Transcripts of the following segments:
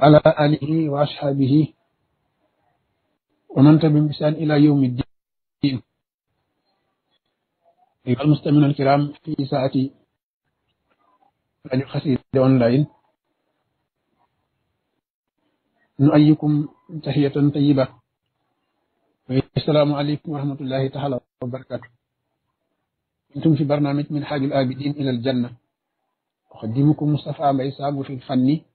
وعلى آله وأصحابه ومن تبعهم بإحسان إلى يوم الدين أيها المستمعون الكرام في ساعة راديو قصيدة أونلاين نؤيكم تحية طيبة السلام عليكم ورحمة الله تعالى وبركاته أنتم في برنامج من حاج الآبدين إلى الجنة أقدمكم مصطفى عبد في الفني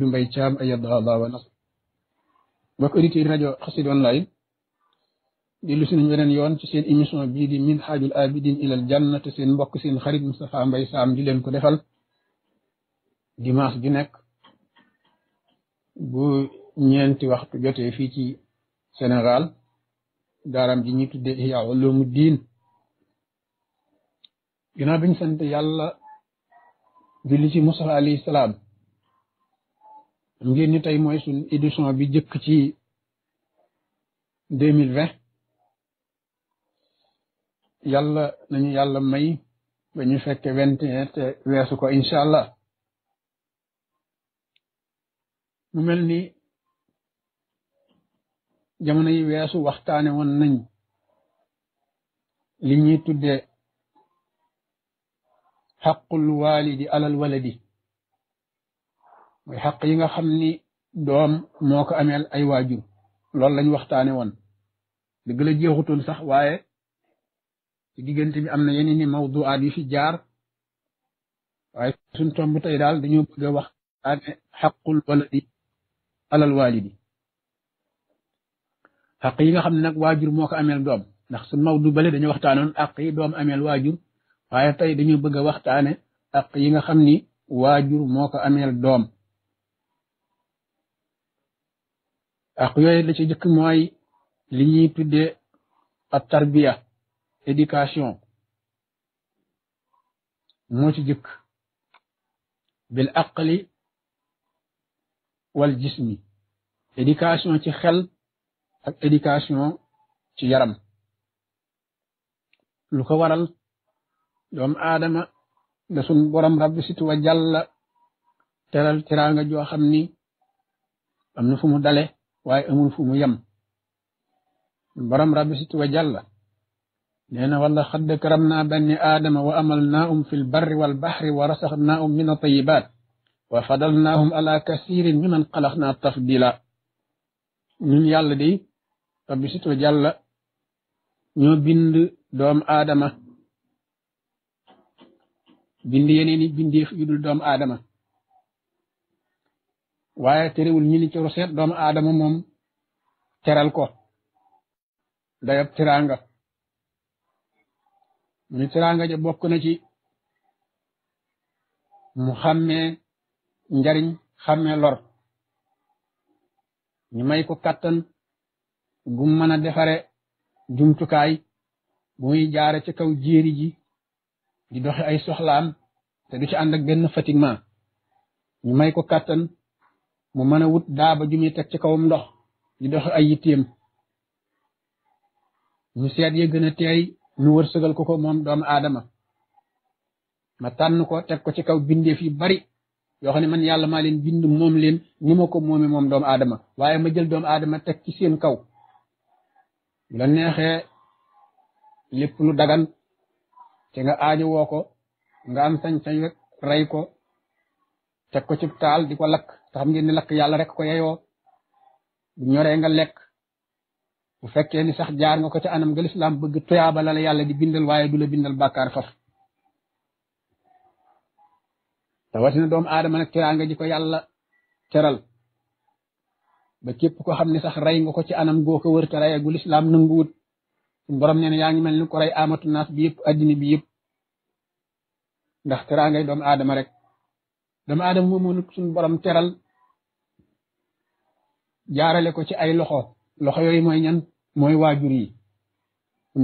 du mbay caam ayadda allah wa nas mbokk auditeurs rajo xasid online dellu si nañ weneen yoon ci seen émission bii di min xaajul abidin ilal janna te seen mbokk seen xarit Moustapha Mbay Saam di leen ko defal dimanche ju nekk bu ñeenti waxtu jotee fii ci Sénégal daaram ji ñuy tuddee Ihya Ulumuddin ginnaaw bi ñu sant yàlla julli ci Musa alayhi salaam xam ni tey mooy suñ édition bi jëkk ci deux mille vingt yàlla may ba ñu fekke vingt et te weesu ko incha allah mu mel ni jamono yi weesu waxtaane won nañ li ñuy tudde xaqul waalidi alal waladi mooy xaq yi nga xam ni doom moo ko ameel ay waajur loolu lañ waxtaane woon dëgg la jeexutoon sax waaye ci diggante bi am na yeneen ni mawduaat yu fi jaar waaye suñ tomb tey daal dañoo bëgg a waxtaane xaqul waladi alal waalidi xaq yi nga xam ne nag waajur moo ko ameel doom ndax su mawdu bale dañoo waxtaanoon àq yi doom ameel waajur waaye tey dañoo bëgg a waxtaane àq yi nga xam ni waajur moo ko ameel doom ak yooyu la ci jëkk mooy li ñuy tuddee ak tarbiya éducation moo ci jëkk bil aqli wal jismi éducation ci xel ak éducation ci yaram lu ko waral doomu aadama da sun borom rabbi situ wa jàlla teral teraanga joo xam ni am na fu dale waye amul fu mu yam borom rabbi situ wa jàlla neena wala khad karamna bani adama wa amal fil barri wal bahri wa rasax naahum min atayibaat wa fadalnahum ala kaseerin mimman qalaqna tafdila ñun yàlla di rabbi situ wa jàlla ño bind doom adama bind yeneeni bindeef yudul dul doom aadama waaye terewul ñi ni ci roseet doomu aadama moom teral ko dayab tiraanga mu ni tiraanga ja bokk na ci mu xàmmee njariñ xàmmee lor ñu may ko kàttan gu mën a defare jumtukaay bu muy jaare ci kaw jéeri ji di doxe ay soxlaam te du ci ànd ak benn fatiguement ñu may ko kattan mu mën a wut daaba ju muy teg ci kawam ndox di dox ay yitteem ñu seet ye gën a teey ñu wërsëgal ko ko moom doomu aadama ma tànn ko teg ko ci kaw bindeef yu bari yoo xam ne man yàlla maa leen bind moom leen ni ma ko moome moom doomu aadama waaye ma jël doomu aadama teg ci seen kaw bu la neexee lépp lu dagan te nga aajo woo ko nga am sañ-sañ rek rey ko teg ko ci taal di ko lakk te xam ngeen ni lak yalla rek ko yeyo bu ñoree nga lek bu fekke ni sax jaar nga ko ci anam nga lislaam bëgg tuyaaba la yalla di bindal waye du la bindal bàkkaar faf tawatina doom adam nak teraanga nga ko yalla teral ba képp ko xam ne sax rey nga ko ci anam goo ko wër te rey gu lislaam nanguwut suñ borom neena na yaa ngi mel ni ko rey amatu naas bi yëpp addina bi yëpp ndax ngay doom aadama rek doomu aadama moomu suñ borom teral jaarale ko ci ay loxo loxo yooyu mooy ñan mooy waajur yi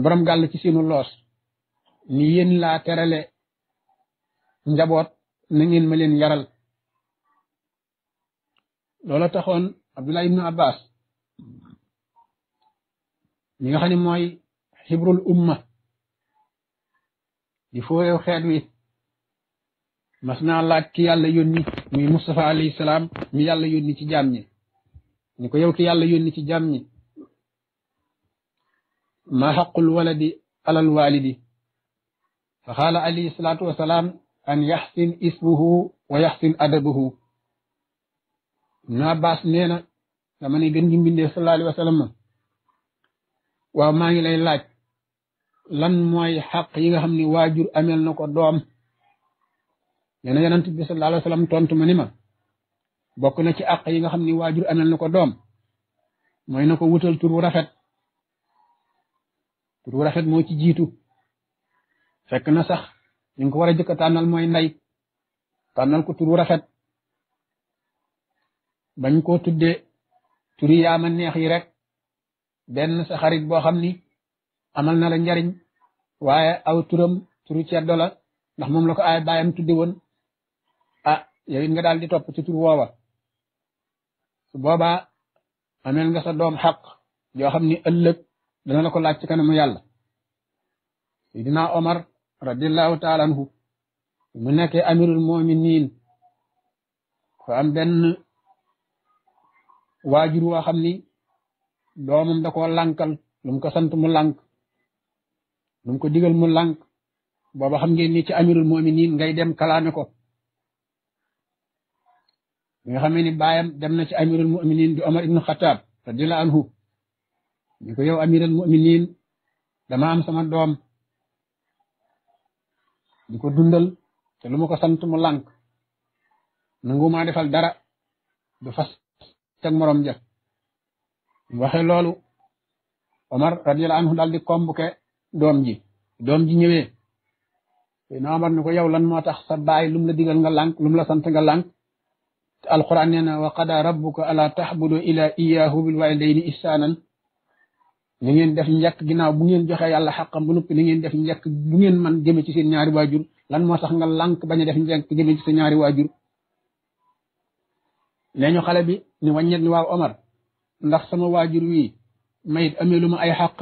borom gàll ci seenu loos ni yéen laa terale njaboot na ngeen ma leen yaral loola taxoon Abdullah ibnu Abbas ñi nga xam ne mooy xibrul umma di fooyew xeet wi mas naa laaj ki yàlla yónni muy Mustafa alayhi salaam mi yàlla yónni ci jaam ñi ni ko yow ki yàlla yónni ci jàmm ñi ma xaqul waladi alal walidi fa xaala alayhi salaatu an yaxsin ismuhu wa yaxsin adabuhu naa baas nee na dama ne gën gi mbindee sallallahu alayhi wa sallam waaw maa ngi lay laaj lan mooy xaq yi nga xam ni waajur amel na ko doom nee na yonent bi alayhi wa sallam tontu ma bokk na ci àq yi nga xam ni waajur amal na ko doom mooy na ko wutal turu rafet turu rafet moo ci jiitu fekk na sax ñu ngi ko war a jëkk a tànnal mooy ndey tànnal ko turu rafet bañ koo tuddee turi yaama neex yi rek benn sa xarit boo xam ni amal na la njariñ waaye aw turam turu ceddo la ndax moom la ko ay baayam woon a ah, yow it nga daal di top ci tur woowa boobaa ameel nga doom xaq yoo xam ni ëllëg dana la ko laaj ci kanamu yàlla sidina omar radiallahu taala mu nekkee amirul muminin fa am benn waajur woo xam ni doomam da koo lànkal lu mu ko sant mu lank lu mu ko digal mu lànk booba xam ngeen ni ci amirul muminin ngay dem kalaame ko nga xamee ni bayam dem na ci amirul muminin du omar ibnu khattab radiallahu anhu ni ko yow amirul muminin dama am sama dom. di ko dundal te lu ma ko sant mu lank nanguma defal dara du fas morom ja waxe loolu omar radiallahu anhu daal di kombuke doom ji doom ji ñëwee sayna omar ni ko yow lan moo tax sa baay lum la digal nga lank lum la sant nga lank alquran nee na wa qada rabbuka ala tahbudu ila iyahu bil walidayni ihsanan ni ngeen def njëkk ginnaaw bu ngeen joxee yàlla xaqam bu noppi ni ngeen def njëkk bu ngeen man jëme ci seen ñaari waajur lan moo sax nga lànk bañ def njëkk jëme ci sa ñaari waajur nee ñu xale bi ni wàññet ni waaw Omar ndax sama waajur wii mayit amee lu ma ay xaq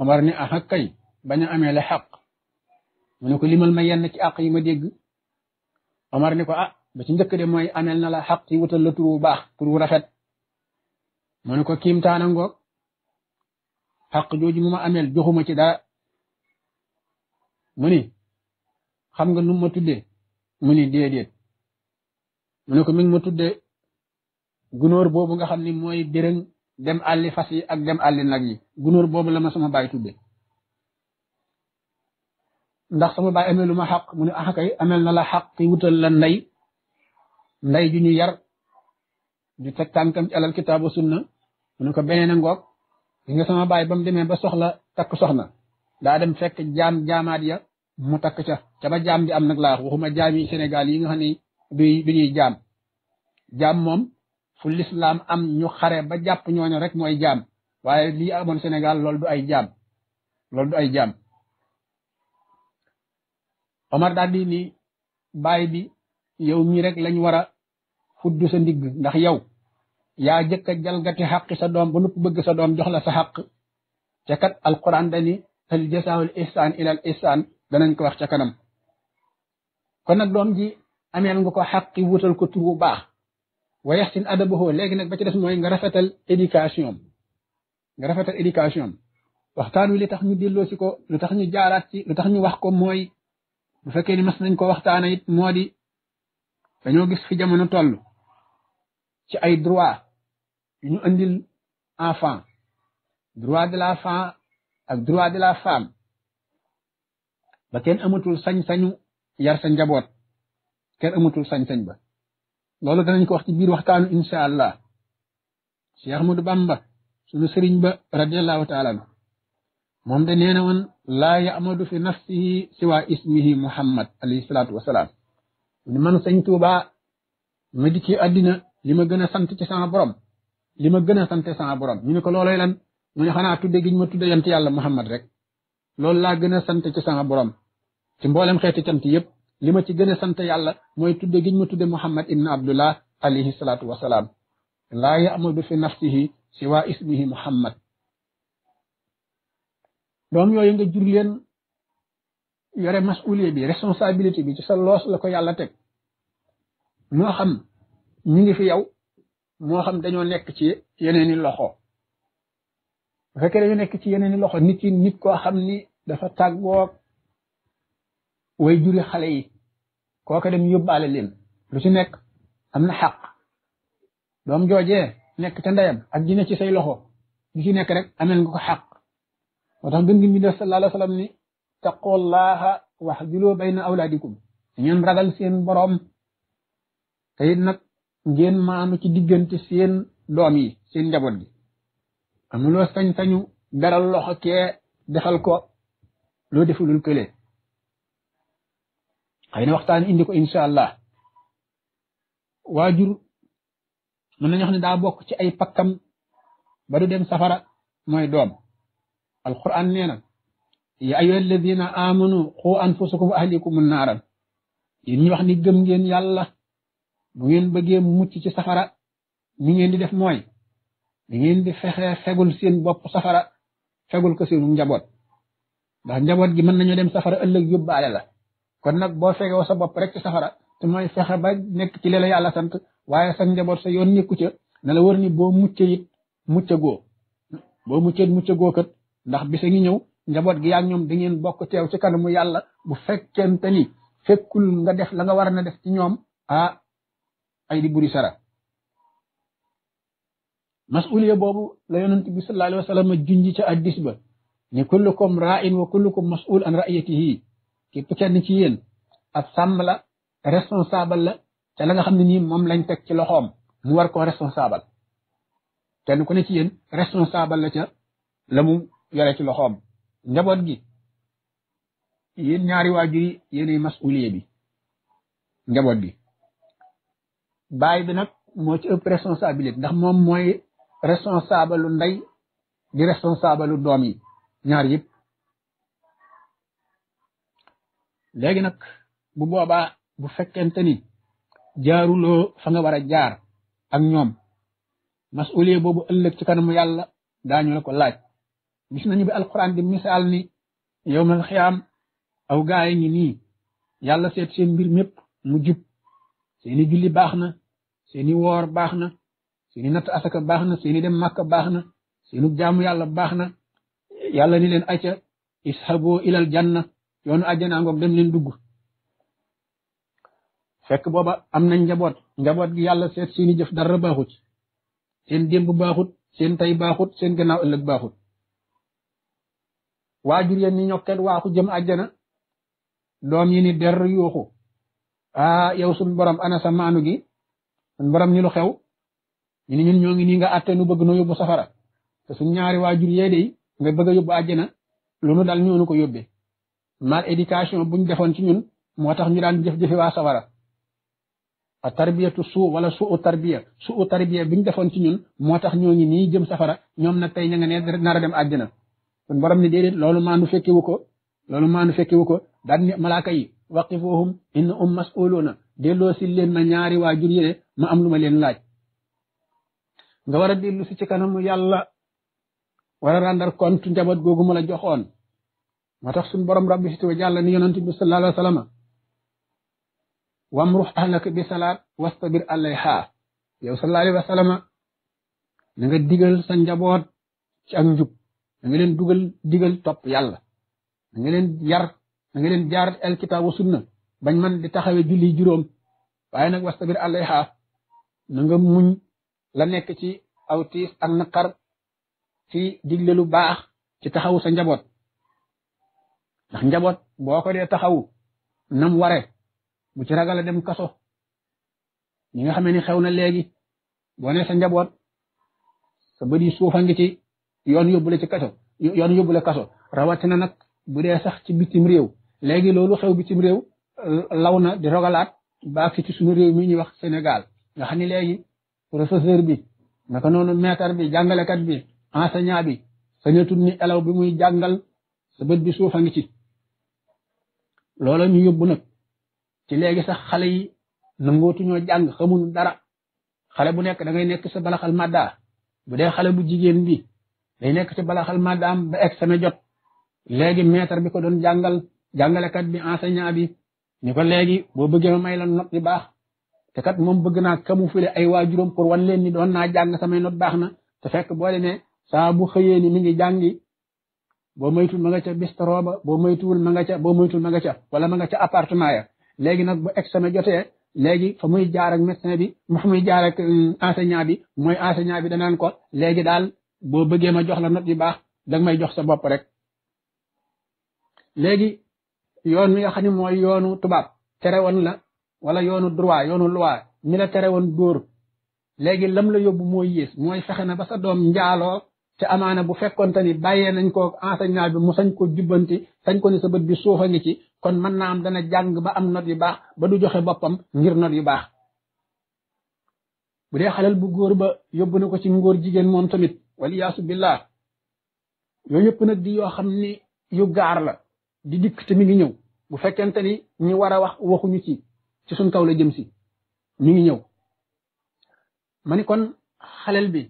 Omar ni ah kay bañ a amee la xaq mu ne ko limal ma yenn ci àq yi ma dégg Omar ni ko ah ba ci njëkk de mooy amel na la xaq yi wutal la tur wu baax tur wu rafet mu ne ko kiimtaana ngoog xaq jooju ma amel joxuma ci daa mu xam nga num ma tuddee mu ni déedéet ko mi ma tuddee gunóor boobu nga xam ni mooy dërëng dem àlli fas yi ak dem àlli nag yi gunóor boobu la ma sama baay tuddee ndax sama baay amee lu ma xaq mu ne ah na la xaq yi wutal la ndey lay ju ñu yar ñu tek tankam ci alal wa sunna mu ko benen ngok yi nga sama bay bam mu ba soxla tak soxna da dem fekk jam jamaat ya mu tak ca ca ba jam bi am nak la waxuma jam yi senegal yi nga xani bi bi ñuy fu l'islam am ñu xare ba japp ñooñu rek moy jam waye li amon senegal lol du ay jam lol du ay jam Omar daal ni bay bi yow mi rek lañ wara fuddu sa ndig ndax yow yaa jëkk jalgati xaqi sa doom ba nupp bëgg sa doom jox la sa xaq ca kat alquran dani al jasaawul ihsaan ila al ihsaan danañ ko wax ca kanam kon nag doom ji ameel nga ko xaqi wutal ko tur bu baax wa yaxsin adabahu léegi nag ba ci des mooy nga rafetal éducation nga rafetal éducation waxtaan wi li tax ñu delloo si ko lu tax ñu jaaraat ci lu tax ñu wax ko mooy bu fekkee ni mas nañ ko waxtaana it moo di dañoo gis fi jamono toll ci ay droit ñu andil enfant droit de l'enfant ak droit de la femme ba kenn amatul sañ-sañu yar sa njaboot kenn amatul sañ-sañ ba loolu danañ ko wax ci biir waxtaanu insha allah cheikh ahmadou bamba sunu sëriñ ba radiallahu taala anhu moom de nee na woon laa yamadu fi nafsihi siwa ismihi muhammad alayhi salatu wasalaam ni man sañ tuubaa ma dikki àddina li ma gën a sant ci sama borom li ma gën a sant sama borom ñu ne ko looloy lan mu xanaa tudde gi ma tudde yant yàlla Muhammad rek loolu laa gën a sant ci sama borom ci mboolem xeeti cant yëpp li ma ci gën a sant yàlla mooy tudde gi ñu ma tudde Muhammad ibn Abdullah alayhi salaatu wasalaam laa ya'mudu fi nafsihi siwa ismihi Muhammad doom yooyu nga jur leen yore masuliye bi responsabilité bi ci sa loos la ko yàlla teg moo xam ñi ngi fi yow moo xam dañoo nekk ci yeneeni loxo bu fekkee dañoo nekk ci yeneeni loxo nit yi nit koo xam ni dafa tàggoog way juri xale yi kooka dem yóbbaale leen lu ci nekk am na xaq doom joojee nekk ca ndeyam ak dina ci say loxo li ci nekk rek amel nga ko xaq moo tax gën gi mi def sallallahu alayhi wa sallam ni taqullaha wax juloo bayna awlaadikum ngeen ragal seen borom te it nag ngeen maanu ci diggante seen doom yi seen njaboot gi amuloo sañ-sañu beral loxo kee defal ko loo defulul kële xëy na waxtaan indi ko incha allah waajur mën nañu wax ne daa bokk ci ay pakkam bari dem safara mooy doom alquran nee na ya ayyuha alladina amanu qu anfusakum wa ahlikum naaran yéen ñu wax ni gëm ngeen yàlla bu ngeen bëggee mucc ci safara mi ngeen di def mooy da ngeen di fexe fegul seen bopp safara fegul ko seenu njaboot ndax njaboot gi mën nañoo dem safara ëllëg yóbbaale la kon nag boo woo sa bopp rek ci safara te mooy fexe ba nekk ci li yàlla sant waaye sa njaboot sa yoon nekku ca na la war ni boo muccee it muccagoo boo muccee muccagoo kat ndax bis a ngi ñëw njaboot gi yaa ñoom da ngeen bokk teew ci kanamu yàlla bu fekkente ni fekkul nga def la nga war na def ci ñoom ah, ay di buri sara masuliya boobu la yonent bi sallallahu alayhi a sallam junj ca addis ba ni kullukum ra'in wa kullukum mas'ul an ra'iyatihi képp kenn ci yéen ak sàmm la responsable la te la nga xam ne nii moom lañ teg ci loxoom mu war koo responsable kenn ku ne ci yéen responsable la ca la mu yore ci loxoom njaboot gi yéen ñaari waajur yi yéenay masuliya bi njaboot gi baay bi nag moo ci ëpp responsabilité ndax moom mooy responsable lu ndey di responsable lu doom ñaar yëpp léegi nag bu boobaa bu fekkente ni jaaruloo fa war a jaar ak ñoom masuliye boobu ëllëg ci kanamu yàlla daa la ko laaj gis nañu bi alquran di misaal ni yowmal xiyaam aw gaay ngi nii yàlla seet seen mbir mépp mu jub seeni julli baax na seeni woor baax na seeni natt asaka baax na seeni dem màkka baax na seenu jaamu yàlla baax na yàlla ni leen acca ishaboo ilal janna yoonu aja ngoog dem leen dugg fekk booba am nañ njaboot njaboot gi yàlla seet seeni jëf dara baaxut seen démb baaxut seen tay baaxut seen gannaaw ëllëg baaxut waajur yen ya ni ñokket waaxu jëm àjjana doom yi ni der yuuxu ah yow sun borom ana sa maanu gi sun borom ni lu xew ñu ni ñun ñoo ngi nii nga àtte nu bëgg noo yóbbu safara te suñ ñaari waajur yee de nga bëgg a yóbbu àjjana lu nu dal ñoo nu ko yóbbee mal éducation buñ defoon ci ñun moo tax ñu daan jëf-jëfe waa safara a tarbiyatu suu wala suu tarbiya suu tarbiya bi ñu defoon ci ñun moo tax ñoo ngi nii jëm safara ñoom nag tey ña nga ne a dem àjjana sun borom ni déedéet loolu maandu fekkiwu ko loolu maandu fekkiwu ko daan ni malaaka yi waqifuhum inna um masuluuna delloo si leen ma ñaari waajur yi ma am lu ma leen laaj nga war a dellu si ci kanamu yàlla war a rendre compte njaboot googu ma la joxoon moo tax suñu borom rabbi si tuuti jàll ni yonent bi sallallahu alayhi wa sallam wamruh ahlaka bi salaat wastabir alayha yow sallallahu alayhi wa sallam na nga digal sa njaboot ci ak njub na nga leen dugal digal topp yàlla na nga leen yar na nga leen jaar alkitaab wa sunna bañ man di taxawe julli juróom waaye nag wastabir alayha na nga muñ la nekk ci aw tiis ak naqar ci lu baax ci taxawu sa njaboot ndax njaboot boo ko dee taxawu nam ware bu ci ragal dem kaso ñi nga xamee ni xew na léegi boo ne sa njaboot sa bët yi suufa ngi ci yoon yóbbule ci kaso yoon yóbbule kaso rawatina nag bu dee sax ci bitim réew léegi loolu xew bitim réew law na di rogalaat ba ci suñu réew mi ñuy wax Sénégal nga xam ni léegi professeur bi naka noonu maître bi jàngalekat bi enseignant bi sañatul ni elaw bi muy jàngal sa bët bi suufa ngi ci loola ñu yóbbu nag ci léegi sax xale yi nangootu ñoo jàng xamul dara xale bu nekk da ngay nekk sa balaxal madda bu dee xale bu jigéen bi day nekk ci balaxal maddaam ba ex sama jot léegi maître bi ko doon jàngal jàngalekat bi enseignant bi ni ko léegi boo bëggee ma may la not bi baax te kat moom bëgg naa kamu file ay waajuram pour wan leen ni doon naa jàng samay not baax na te fekk boole ne saa bu xëyee ni mi ngi jàngi boo moytuwul ma nga ca bistro ba boo moytuwul ma nga ca boo moytuwul ma nga ca wala ma nga ca appartement ya léegi nag bu examen jotee léegi fa muy jaar ak médecin bi fa muy jaar ak mm, enseignant bi mooy enseignant bi danaan ko léegi daal boo bëggee ma jox la not yu baax danga may jox sa bopp rek yoon mi nga xam ne mooy yoonu tubaab tere la wala yoonu droit yoonu loi mi la tere woon góor léegi lam la yóbbu mooy yées mooy fexe na ba sa doom njaaloo te amaana bu fekkonte ni bàyyee nañ ko enseignant bi mu sañ ko jubbanti sañ ko ni sa bët bi suufa ngi ci kon mën naa am dana jàng ba am not yu baax ba du joxe boppam ngir not yu baax bu dee xalal bu góor ba yóbbu na ko ci ngóor jigéen moom tamit waliyaasu billah yooyu yëpp nag di yoo xam ni di dikk te mi ngi ñëw bu fekkente ni ñi war a wax waxuñu ci ci suñ kaw la jëm si mi ngi ñëw ma ni kon xalel bi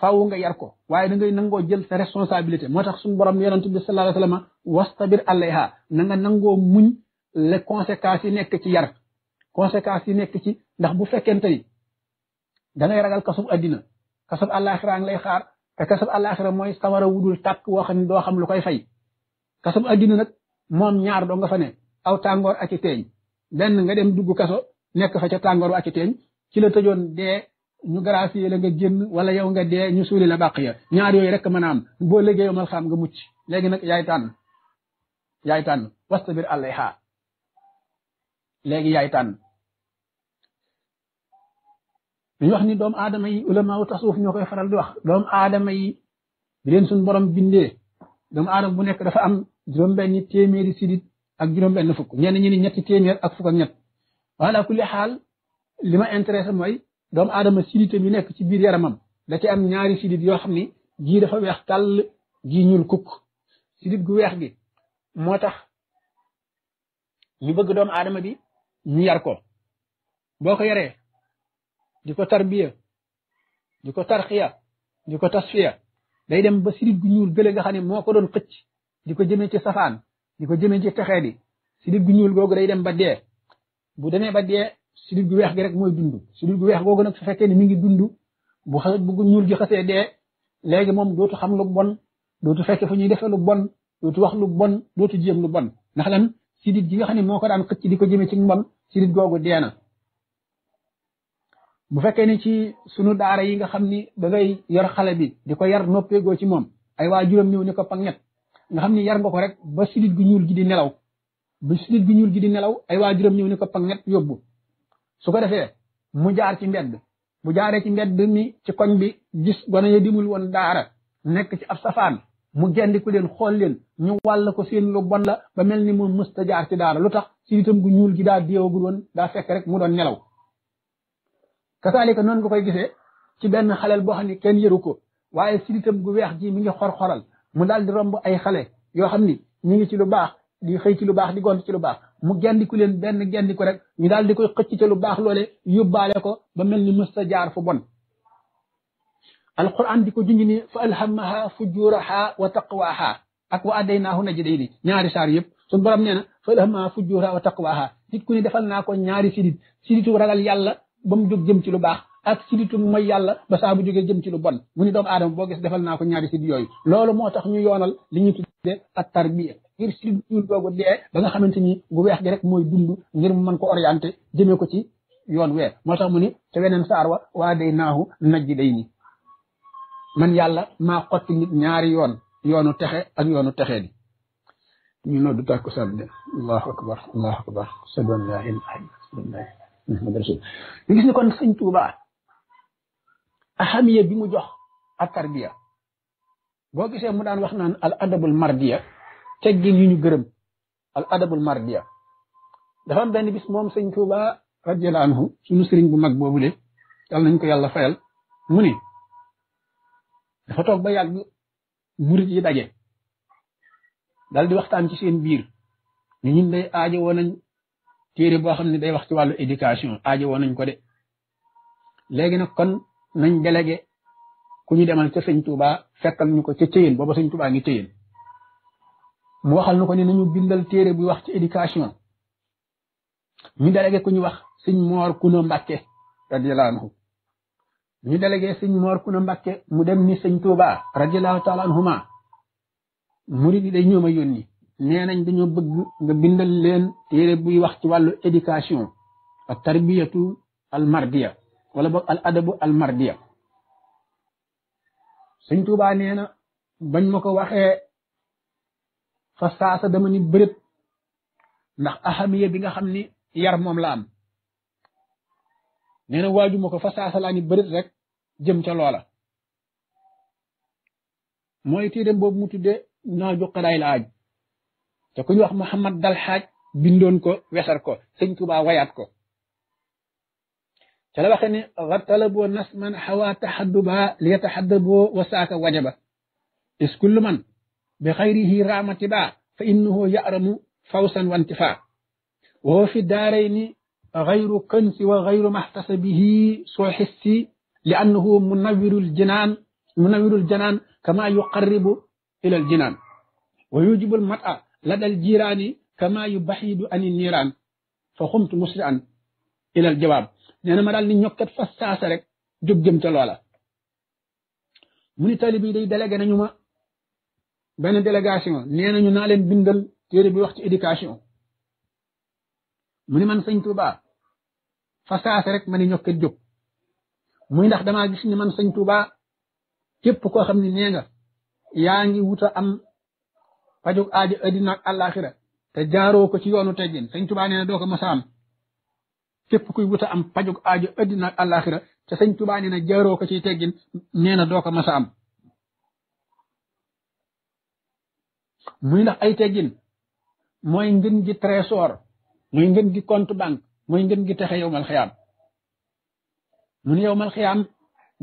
faaw nga yar ko waaye da ngay nangoo jël sa responsabilité moo tax suñu borom yonent bi sallallahu alayhi wasallam wastabir alayha na nga nangoo muñ les conséquences yi nekk ci yar conséquences yi nekk ndax bu fekkente ni da ngay ragal kasub addina kasub àllaaxira lay xaar te kasub àllaaxira mooy sawara wudul tàkk woo xam ne doo xam lu koy fay kaso bu àddina nag moom ñaar doo nga fa ne aw tàngoor ak i teeñ benn nga dem dugg kaso nekk fa ca tàngoor ak i teeñ ci la tëjoon dee ñu gracier la nga génn wala yow nga dee ñu suuli la bàq ya ñaar yooyu rek mën a am boo liggéeyoo mal xam nga mucc léegi nag yaay tànn yaay tànn wastabir alayha léegi yaay tànn dañu wax ni doom aadama yi ulamaawu tasawuf ñoo koy faral di wax doomu aadama yi bi leen suñu bindee doomu aadama bu nekk dafa am juróom-benn téeméeri sidit ak juróom-benn fukk ñenn ñi ni ñetti téeméer ak fukk ak ñett wala kulli xaal li ma intéressé mooy doomu aadama siditam yi nekk ci biir yaramam da ci am ñaari sidit yoo xam ni jii dafa weex tàll jii ñuul kukk sidit gu weex gi moo tax ñu bëgg doomu aadama bi ñu yar ko boo ko yaree di ko tarbiya di ko tarxiya di ko tasfiya day dem ba sidit gu ñuul gële nga xam ne moo ko doon xëcc diko jëme ci safaan diko jëme ci texee di sidit gu ñuul gogu day dem ba dee bu demee ba dee sidib gu weex gi rek mooy dund sidib gu weex gogu nag su fekkee ni mi ngi dund bu xas bu ñuul gi xasee dee léegi moom dootu xam lu bon dootu fekke fu ñuy defee lu bon dootu wax lu bon dootu jëm lu bon ndax lan sidib gi nga xam ne moo ko daan xëcc di ko jëme ci mbon sidib gogu dee na bu fekkee ni ci sunu daara yi nga xam ni da ngay yor xale bi di ko yar noppeegoo ci moom ay waajuram ñëw ni ko pag ñett nga xam ni yar nga ko rek ba sidit gu ñuul gi di nelaw ba sidit gu ñuul gi di nelaw ay waajuram ñëw ni ko panget yóbbu su ko defee mu jaar ci mbedd mu jaaree ci mbedd mi ci koñ bi gis gone dimul woon daara nekk ci ab safaan mu gendiku leen xool leen ñu wàll ko seen lu bon la mel ni moom mësta jaar ci daara lu tax siditam gu ñuul gi daa deewagul woon daa fekk rek mu doon nelaw kasaalika noonu nga koy gisee ci benn xaleel boo xam ne kenn yëru ko waaye siditam gu weex ji mi ngi xor-xoral mu dal di romb ay xale yo xamni ni ngi ci lu baax di xëy ci lu baax di gont ci lu baax mu gendiku leen benn gendiku rek ñu dal di koy xëcc ci lu baax lolé yóbbaale ko ba melni ni jaar fu bon alquran di ko ni fa alhamaha fujuraha wa taqwaha ak wa adaynaahu najdayni ñaari saar yeb sun borom neena fa alhamaha fujuraha wa taqwaha nit ku ni defal nako ñaari sidit siditu ragal yàlla bam mu jóg jëm ci lu baax ak siditu mooy yàlla ba saa bu jógee jëm ci lu bon mu ni doomu aadama boo gis defal naa ko ñaari sidit yooyu loolu moo tax ñu yoonal li ñu tuddee ak tarbiya ngir sidit ñuul googu ba nga xamante ni gu weex gi rek mooy dund ngir mu mën ko orienté jëmee ko ci yoon wee moo tax mu ni te weneen saar wa waa day naahu najji day ni man yàlla maa xotti nit ñaari yoon yoonu texe ak yoonu texe di ñu noddu tàkkusaan de allahu akbar allahu akbar ashhadu an la ilaha illa allah muhammadu rasul ñu gis ni kon sëñ Tuubaa ahamiya bi mu jox ak tarbiya boo gisee mu daan wax naan al adabul mardiya teggin yu ñu gërëm al adabul mardiya dafa am benn bis moom sëñ Tuuba radiyallahu anhu suñu sëriñ bu mag boobu le yàlla nañ ko yàlla fayal mu ne dafa toog ba yàgg murit yi daje dal di waxtaan ci seen biir ñu ñun day aajo woon nañ téere boo xam ne day wax ci wàllu éducation aajo woon nañ ko de léegi nag kon nañ délégué ku ñu demal ca sëñ Touba fekkal ñu ko ca Ceyeen booba sëñ Touba ngi Ceyeen mu waxal nu ko ni nañu bindal téere buy wax ci éducation ñu délégué ku ñu wax sëñ Moor Kuna mbakke radiyallahu anhu ñu délégué sëñ Moor mu dem ni sëñ Touba radiyallahu taala anhuma murid yi day ñoom a yónni nee nañ dañoo bëgg nga bindal leen téere buy wax ci wàllu éducation ak tarbiyatu al mardiya wala bok al adabu al mardiya seigne touba neena bagn mako waxe fa saasa dama ni beurep ndax ahamiyya bi nga xamni yar mom la am neena waju mako fa saasa la ni beurep rek jëm ca moy ti dem bobu mu tudde na naaju xadaay la aj ta kuñ wax Muhammad dal haj bindon ko wessar ko seigne touba wayat ko كلا بخني غطلبوا الناس من حوا تحدبا ليتحدبوا وساك وجبا إس كل من بخيره رامة با فإنه يأرم فوسا وانتفاع وهو في الدارين غير كنس وغير محتسبه سوحسي لأنه منور الجنان منور الجنان كما يقرب إلى الجنان ويوجب المرأة لدى الجيران كما يبحيد عن النيران فقمت مسرعا إلى الجواب nee na ma daal di ñokkat fas saasa rek jóg jëm ca loola mu ni tali bii day délégué nañu ma benn délégation nee nañu naa leen bindal téere bi wax ci éducation mu ni man sëñ Touba fa saasa rek ma ni ñokkat jóg muy ndax damaa gis ni man sëñ Touba képp koo xam ne nee yaa ngi wut a am fajug aajo addina ak àllaaxira te jaaroo ko ci yoonu tegin sëñ Touba nee doo ko mos a am képp kuy wuta am pajuk aajo adina ak alaxira te sëñ tubaa nee na jaaroo ko ci teggin nee na doo ko mas am muy ndax ay teggin mooy ngën gi trésor mooy ngën gi compte banque mooy ngën gi texe yowmal xiyaam mun yowmal xiyaam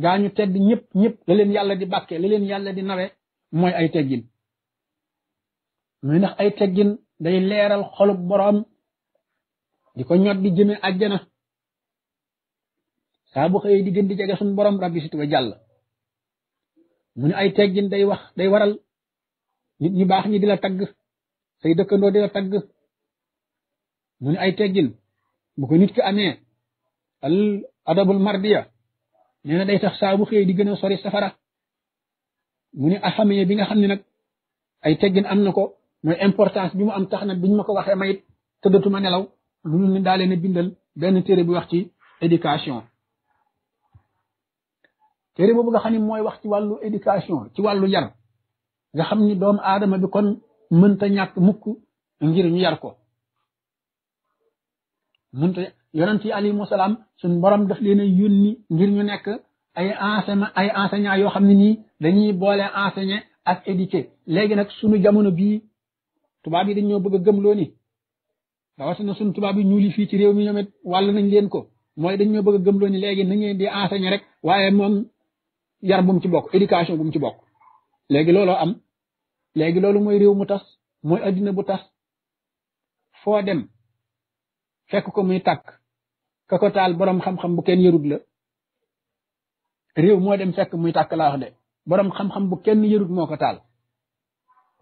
gaañu tedd ñëpp ñëpp la leen yàlla di bàkke la leen yàlla di nawe mooy ay teggin muy ndax ay teggin day leeral xolub boroom diko ñot di jëme aljana sa bu xey di gënd di jege sun borom rabbi situ jall mu ñu ay teggin day wax day waral nit ñu bax ñi dila tagg say dekkando dila tagg mu ñu ay teggin bu ko nit ki amé al adabul mardiya neena day tax sa bu xey di gëna sori safara mu ñu ahamé bi nga xamni nak ay teggin am na ko mooy importance bi mu am tax na biñ ma ko waxee mayit tëddatuma nelaw lu ñu ni daa leen bindal benn téere bi wax ci éducation téere boobu nga xam ni mooy wax ci wàllu éducation ci wàllu yar nga xam ni doomu aadama bi kon mënta ñàkk mukk ngir ñu yar ko mënta yonent yi alayhimu salaam suñ borom daf leen a yónni ngir ñu nekk ay enseignement ay enseignant yoo xam ne nii dañuy boole enseigner ak éduquer léegi nag suñu jamono bii tubaab yi dañoo bëgg a gëmloo ni na suñ tubaab yi ñuul yi fii ci réew mi ñoom it wàll nañ leen ko mooy dañ ñoo bëgg a gëmloo ni léegi nañ leen di enseigner rek waaye moom yar bu ci bokk éducation bu mu ci bokk léegi looloo am léegi loolu mooy réew mu tas mooy addina bu tas foo dem fekk ko muy takk ka ko taal borom xam-xam bu kenn yërut la réew moo dem fekk muy tàkk de borom xam bu kenn yërut moo ko taal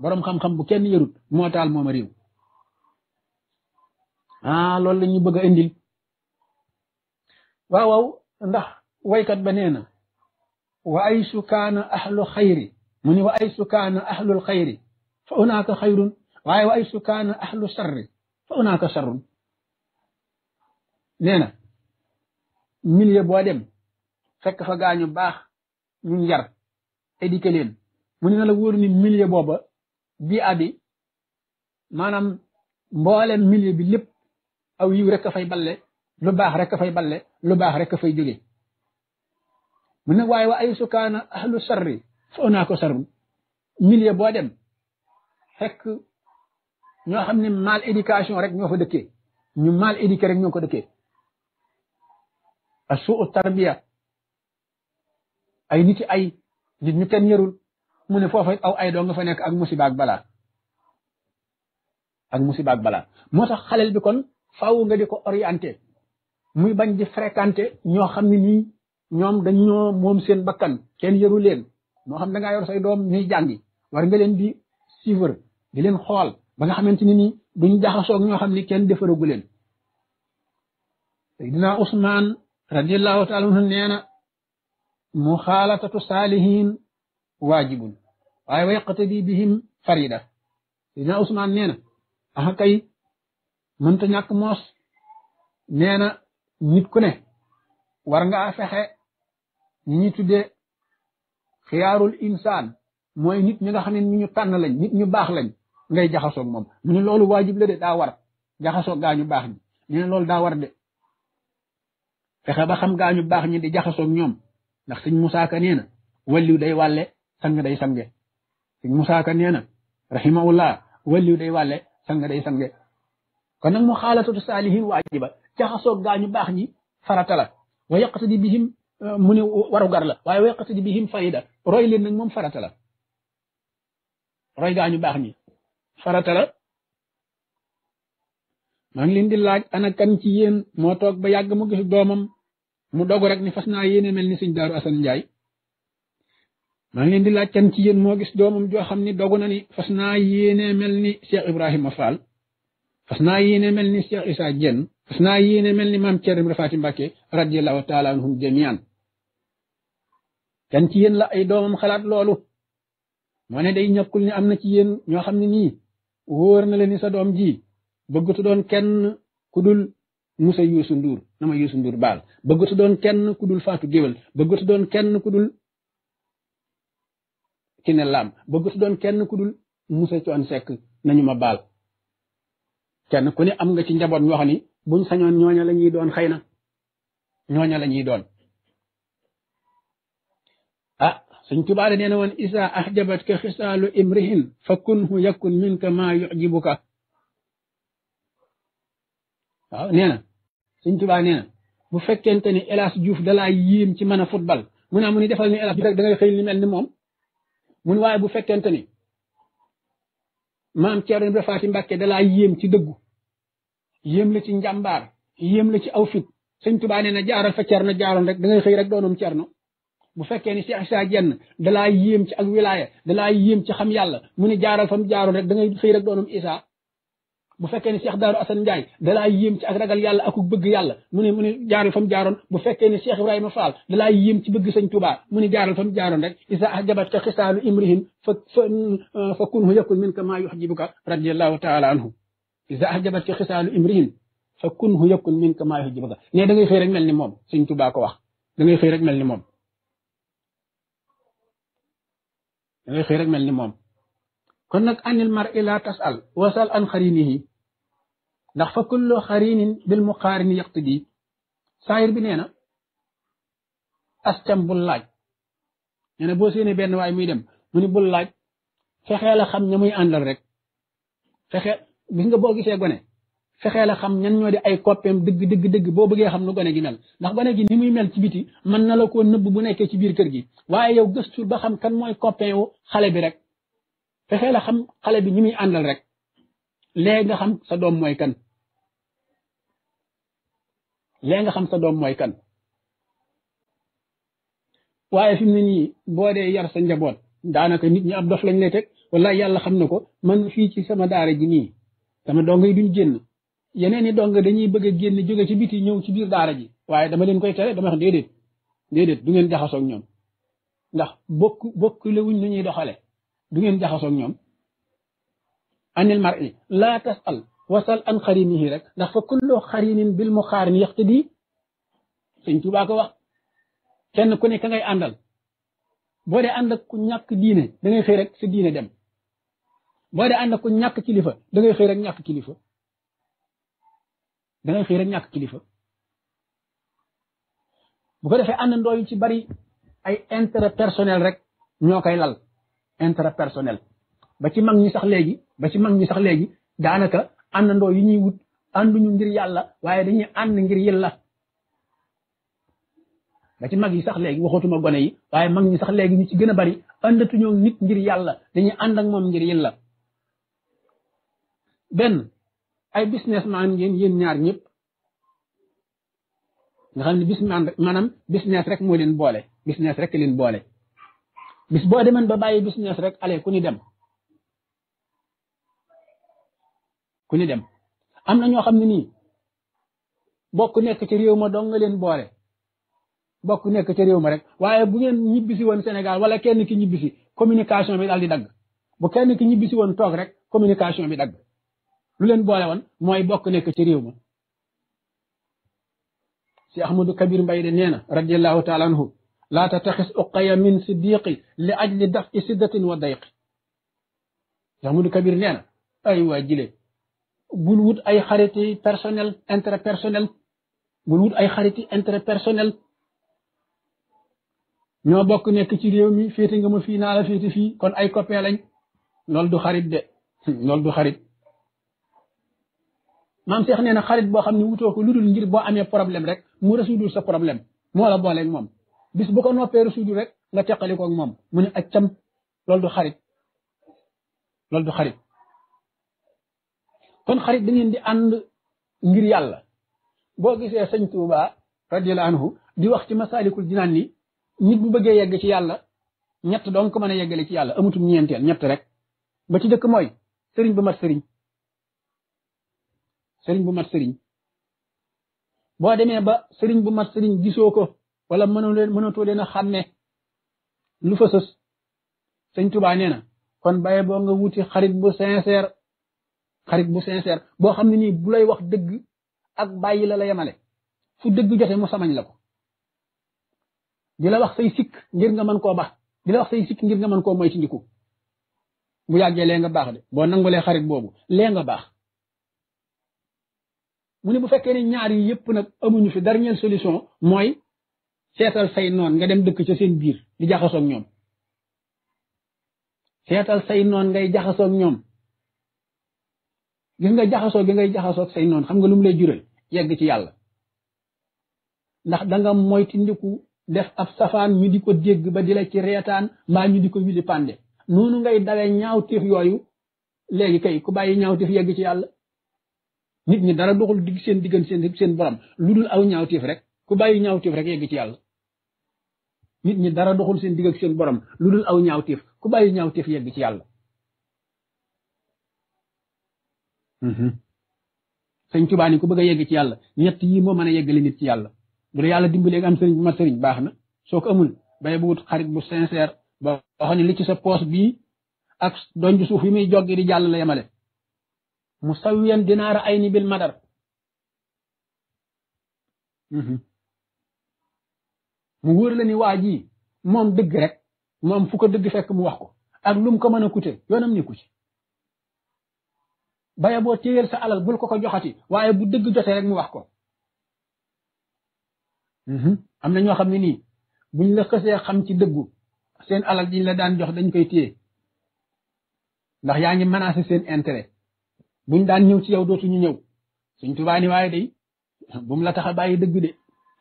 borom xam-xam bu kenn yërut moo taal mooma réew ah loolu la ñu bëgg a indil waaw waaw ndax waykat ba nee na wa ay su kaana ahlu xayri mu ni wa ay su kaana ahlul fa unaaka xayrun waaye wa ay su kaana ahlu sarri fa unaaka sarrun nee na boo dem fekk fa gaañu baax ñu yar éduqué leen mu ne na la wóor ni milieu booba bi abi maanaam mboolem milieu bi lépp aw yiw rek a fay balle lu baax rek a fay balle lu baax rek a fay jóge mu ne waaye wa ay sukaana ahlu sarri foo naa ko sarru milieu boo dem fekk ñoo xam ne mal éducation rek ñoo fa dëkkee ñu mal éduqué rek ñoo ko dëkkee a suu tarbiya ay nit ay nit ñu kenn yarul mu ne foofa aw ay doo nga fa nekk ak musiba ak balaa ak musiba ak moo tax xalel bi kon faaw nga di ko orienté muy bañ di fréquenté ñoo xam ni nii ñoom dañoo moom seen bakkan seen yëru leen moo xam da ngaa yor say doom ñuy jàngi war nga leen di suivre di leen xool ba nga xamante ni duñ jaxasoog ñoo xam ni kenn defaragu leen sayidina usman radiallahu taala anhu nee na muxaalatatu saalihin waajibun waaye bihim farida sayidina usman nee na ah kay mënta ñàkk moos nee na nit ku ne war ngaa fexe ñi ñu tuddee xiyaarul insaan mooy nit ñi nga xam ne ñu tànn lañ nit ñu baax lañ ngay jaxasoog moom mu ne loolu waajib la de daa war jaxasoog gaa ñu baax ñi nee loolu daa war de fexe ba xam gaa ñu baax ñi di jaxasoog ñoom ndax sëñ Musaa Ka na walliw day wàlle sang day sange sëñ Musaa Ka nee na walliw day wàlle sang day sange kon nag mu xaalatatu saalihin waajiba jaxasoog gaa ñu baax ñi farata la wa yaqtadi bihim mu ne warugar la waaye wa yaqtadi bihim farida roy leen nag moom farata la roy gaa ñu baax ñi farata la maa ngi leen di laaj ana kan ci yéen moo toog ba yàgg mu gis doomam mu dogu rek ni fas naa yéene mel ni sëñ daaru Assane Ndiaye maa ngi leen di laaj kan ci yéen moo gis doomam joo xam ni dogu na ni fas naa yéene mel ni Cheikh Ibrahima Fall fasna yene melni Cheikh isa Dieng fasna yene melni mam ni maam Fatim Mbacke radiyallahu taala anhum jamian kan ci la ay domam xalaat loolu moo day ñokul ni amna ci yéen ño xamni ni nii na leni sa dom ji bëggatu doon kenn kudul musa yusu ndur nama yusu ndur bal Ndour baal bëggatu doon kenn kudul dul gewel Géwal doon kenn kudul Kine Lam kenn kudul musa ci on sek nañuma ma kenn ku ne am nga ci njaboot ñoo xam ni buñ sañoon ñooña la doon xëy na ñooña la ñuy doon ah suñ tubaade nee na woon isa ahjabat ka xisaalu imrihin fa kunhu yakun minka maa yujibuka waaw nee na suñ tubaa nee na bu fekkente ni Elas juuf dalaa yiim ci mën a football mu ah, mu ni defal ni Elas Diouf rek da ngay xëy li mel ni moom mun waaye bu fekkente ni maam Thierno Ibrahima Faty Mbacke dalaa yéem ci dëggu yéem la ci njàmbaar yéem la ci aw fit sëñ Tuubaa nee na jaaral fa Thierno jaaroon rek da ngay xëy rek doonoom Thierno bu fekkee ni Cheikh Issa Diène dalaa yéem ci ak wilaaya dalaa yéem ci xam yàlla mu ne jaaral fa mu jaaroon rek da ngay xëy rek doonoom Issa bu fekkee ni Cheikh Darou Assane Ndiaye dalaa yim ci ak ragal yàlla ak bëgg yàlla mu ne mu ne jaaral fa jaaroon bu fekkee ni Cheikh Ibrahima Fall dalaa yim ci bëgg sëñ Touba mu ne jaaral fa jaaroon rek isa ahjabat ka xisaalu imrihim fa fa fa kunhu yakun minka maa yuhjibuka radiyallahu taala anhu isa ahjabat ka xisaalu imrihim fa kun hu yakun minka maa yuhjibuka ne da ngay xëy rek melni mom moom sëñ Touba ko wax da ngay xëy rek melni mom da ngay xëy rek melni mom kon nag anil mar i la tas al wasal an xarinihi ndax fa kullu xarinin bil mu xaarini yaqti bi saayir bi nee na ascam bul laaj nee na boo séene benn waay muy dem mu ni bul laaj fexee la xam ña muy àndal rek fexe gis nga boo gisee gone fexee la xam ñan ñoo di ay koppeem dëgg dëgg dëgg boo bëggee xam nu gone gi mel ndax gone gi ni muy mel ci biti mën na la koo nëbb bu nekkee ci biir kër gi waaye yow gëstul ba xam kan mooy koppeewu xale bi rek fexee la xam xale bi ñi muy àndal rek léegi nga xam sa doom mooy kan léegi nga xam sa doom mooy kan waaye fi mu ne nii boo dee yar sa njaboot daanaka nit ñi ab dof lañ lay teg wala yàlla xam na ko man fii ci sama daara ji nii sama dong yi duñ génn yeneen i dong dañuy bëgg génn jóge ci biti ñëw ci biir daara ji waaye dama leen koy tere dama wax déedéet déedéet du ngeen jaxasoo ñoom ndax bokk bokk lewuñ nu ñuy doxale du ngeen ak ñoom anil mar'i la tasal wasal an kharimihi rek ndax fa kullu xarinin bil mukharin yaqtadi sëñ tuba ko wax kenn ku ne ka ngay àndal bo de ànd ak ku ñak diine da ngay xëy rek sa diine dem bo de ànd ak ku ñak kilifa da ngay xëy rek ñak kilifa da ngay xëy rek ñak kilifa bu ko defé and ndoy ci bari ay intérêt personnel rek ñokay lal intrapersonnel ba ci mag ñi sax léegi ba ci mag ñi sax léegi daanaka àndandoo yi ñuy wut ànduñu ngir yàlla waaye dañuy ànd ngir yàlla ba ci mag yi sax léegi waxatuma gone yi waaye mag ñi sax léegi ñu ci gën a bari àndatuñoo nit ngir yàlla dañuy ànd ak moom ngir yàlla benn ay businessman ngeen yéen ñaar ñëpp nga xam ne bis business rek moo leen boole business rek leen boole bis boo demoon ba bàyyi business rek allez ku ni dem ku ni dem am na ñoo xam ne nii bokk nekk ca réew ma nga leen boole bokk nekk ca réew ma rek waaye bu ngeen ñibbisi woon Sénégal wala kenn ki ñibbisi communication bi daal di dagg bu kenn ki ñibbisi woon toog rek communication bi dagg lu leen boole woon mooy bokk nekk ca réew ma si Ahmadou Kabir Mbaye de nee na radiallahu taala anhu لا تتخذ أقيا من صديقي لأجل دفع سدة وضيق يامون كبير نانا أي واجلي bul wut ay xariti personnel interpersonnel bul wut ay xariti interpersonnel ñoo bokk nekk ci réew mi féete nga ma fii naa la féete fii kon ay copain lañ loolu du xarit de loolu du xarit maam seex nee na xarit boo xam ne wutoo ko lu dul ngir boo amee problème rek mu résoudre sa problème moo la booleeg moom bis bu ko noppee suudu rek nga teqali ko ak moom mu ne ak cam loolu du xarit loolu du xarit kon xarit da ngeen di ànd ngir yàlla boo gisee sëñ Tuuba radiyallahu anhu di wax ci masalikul jinaan ni nit bu bëggee yegg ci yàlla ñett dong ko mën a yeggale ci yàlla amutum ñeenteel ñett rek ba ci dëkk mooy sëriñ bu mat sëriñ sëriñ bu mat sëriñ boo demee ba sëriñ bu mat sëriñ gisoo ko wala mën leen mënatoo leen a xàmme lu fa sës sëñ tubaa nee na kon bàyyi boo nga wuti xarit bu sincère boo xam ne nii bu lay wax dëgg ak bàyyi la la yemale fu dëgg jote mu samañ la ko di la wax say sikk ngir nga mën koo ba di la wax say sikk ngir nga mën koo moy ci ndiku bu yàggee leen nga baax de boo nangulee xarit boobu lee nga baax mu ne bu fekkee ne ñaar yi nag amuñu fi dernière solution mooy setal say non nga dem dëkk ci seen biir di jaxasoog ñoom setal say non ngay jaxasoog ñoom gis nga jaxasoo gi ngay jaxasoog say non xam nga lu mu lay jural yegg ci yàlla ndax da nga moytindiku def ab safaan ñu di ko dégg ba di la ci reetaan mbaa ñu di ko wili pande noonu ngay dawe tiif yooyu léegi kay ku bàyyi tiif yegg ci yàlla nit ñi dara doxul dig seen diggan seen seen borom lu dul aw tiif rek ku bàyyi tiif rek yegg ci yàlla nit ñi dara doxul seen digg ak seen borom lu dul aw ñaawteef ku bàyyi ñaawteef yegg ci yàlla mhm. sëñ Tuubaa ni ku bëgg a yegg ci yàlla ñett yii moo mën a yeggale nit ci yàlla bu la yàlla dimbalee am sëriñ bu ma sëriñ baax na soo ko amul bay bu wut xarit bu sincère ba xam li ci sa poos bii ak doñ suuf yi muy joggi di jàll la yemale mu sawiyan dinaara ay ni bil madar mhm. mu wóor la ni waa ji moom dëgg rek moom fu ko dëgg fekk mu wax ko ak lum ko mën a coûter yoonam nekku ci baye boo téyeel sa alal bul ko ko joxati waaye bu dëgg jotee rek mu wax ko mhm. am na ñoo xam ne nii buñ la xam ci dëggu seen alal diñ la daan jox dañ koy téye ndax yaa ngi menacé seen intérêt buñ daan ñëw ci yow dootuñu ñëw suñ tubaani waaye day bu mu la tax a bàyyi dëgg de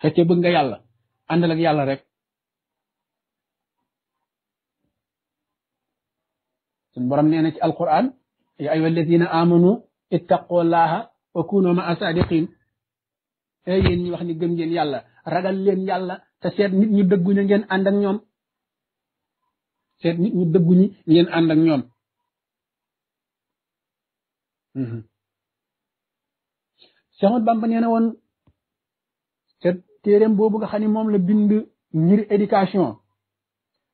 fekkee bëgg nga yàlla àndal ak yalla rek sun borom neena ci alquran ya ayuha alladina amanu ittaqullaha wa kunu maa sadiqin ay yeen ñi wax ni gëm ngeen yalla ragal leen yalla te seet nit ñu dëgguñu ngeen and ak ñoom seet nit ñu dëgguñu ngeen and ak ñoom Cheikh mhm. Bamba nee won. woon seet téereem boobu nga xam ne moom la bind ngir éducation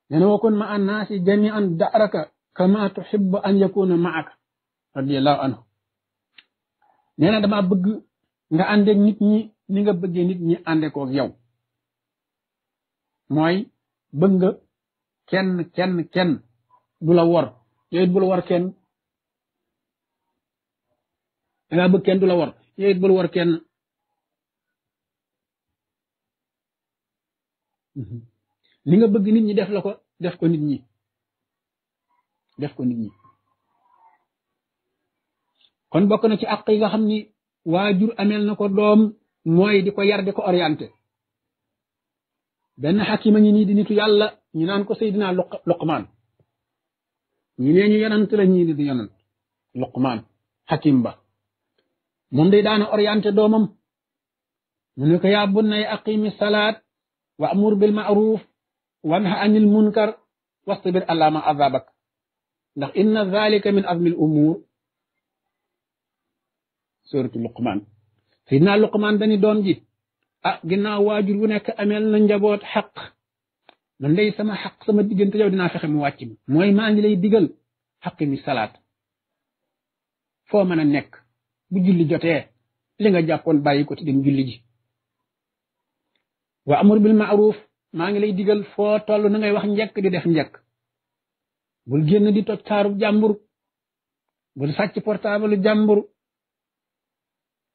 nee na wa kun ma an naasi jamian daraka kama tuhibbu an yakuna maaka radiallahu anhu nee na dama bëgg nga àndeek nit ñi ni nga bëggee nit ñi àndekook yow mooy bëgg nga kenn kenn kenn du la wor yow it wor kenn danga bëgg kenn du la wor yow it wor kenn Mhm. li nga bëgg nit ñi def la ko def ko nit ñi def ko nit kon bokk na ci àq yi xam ni waajur ameel na ko doom mooy di ko yar di ko orienté benn xakima ngi nii di nitu yàlla ñu naan ko Seydina Luqmaan ñu nee ñu yonant la ñii ni di yonant Luqmaan xakim ba moom day daana orienté doomam mu ne ko yaa bunay aqimi salaat وأمر بالمعروف وانهى عن المنكر واصبر على ما أذابك إن ذلك من أظم الأمور سورة لقمان سيدنا لقمان داني دون جي أقنا واجر ونك أمل ننجبوت حق من ليس ما حق سما ديجن تجاو دينا فخي مواتيم موي ما اندي لي ديغل حق مي صلات فو مانا نيك بو جولي جوتي ليغا جابون بايكو تي ديم جولي جي wa amur bil ma'ruf ma ngi lay digal fo tollu na ngay wax njekk di def njekk bul genn di tok taru jambur bul sacc portable jambur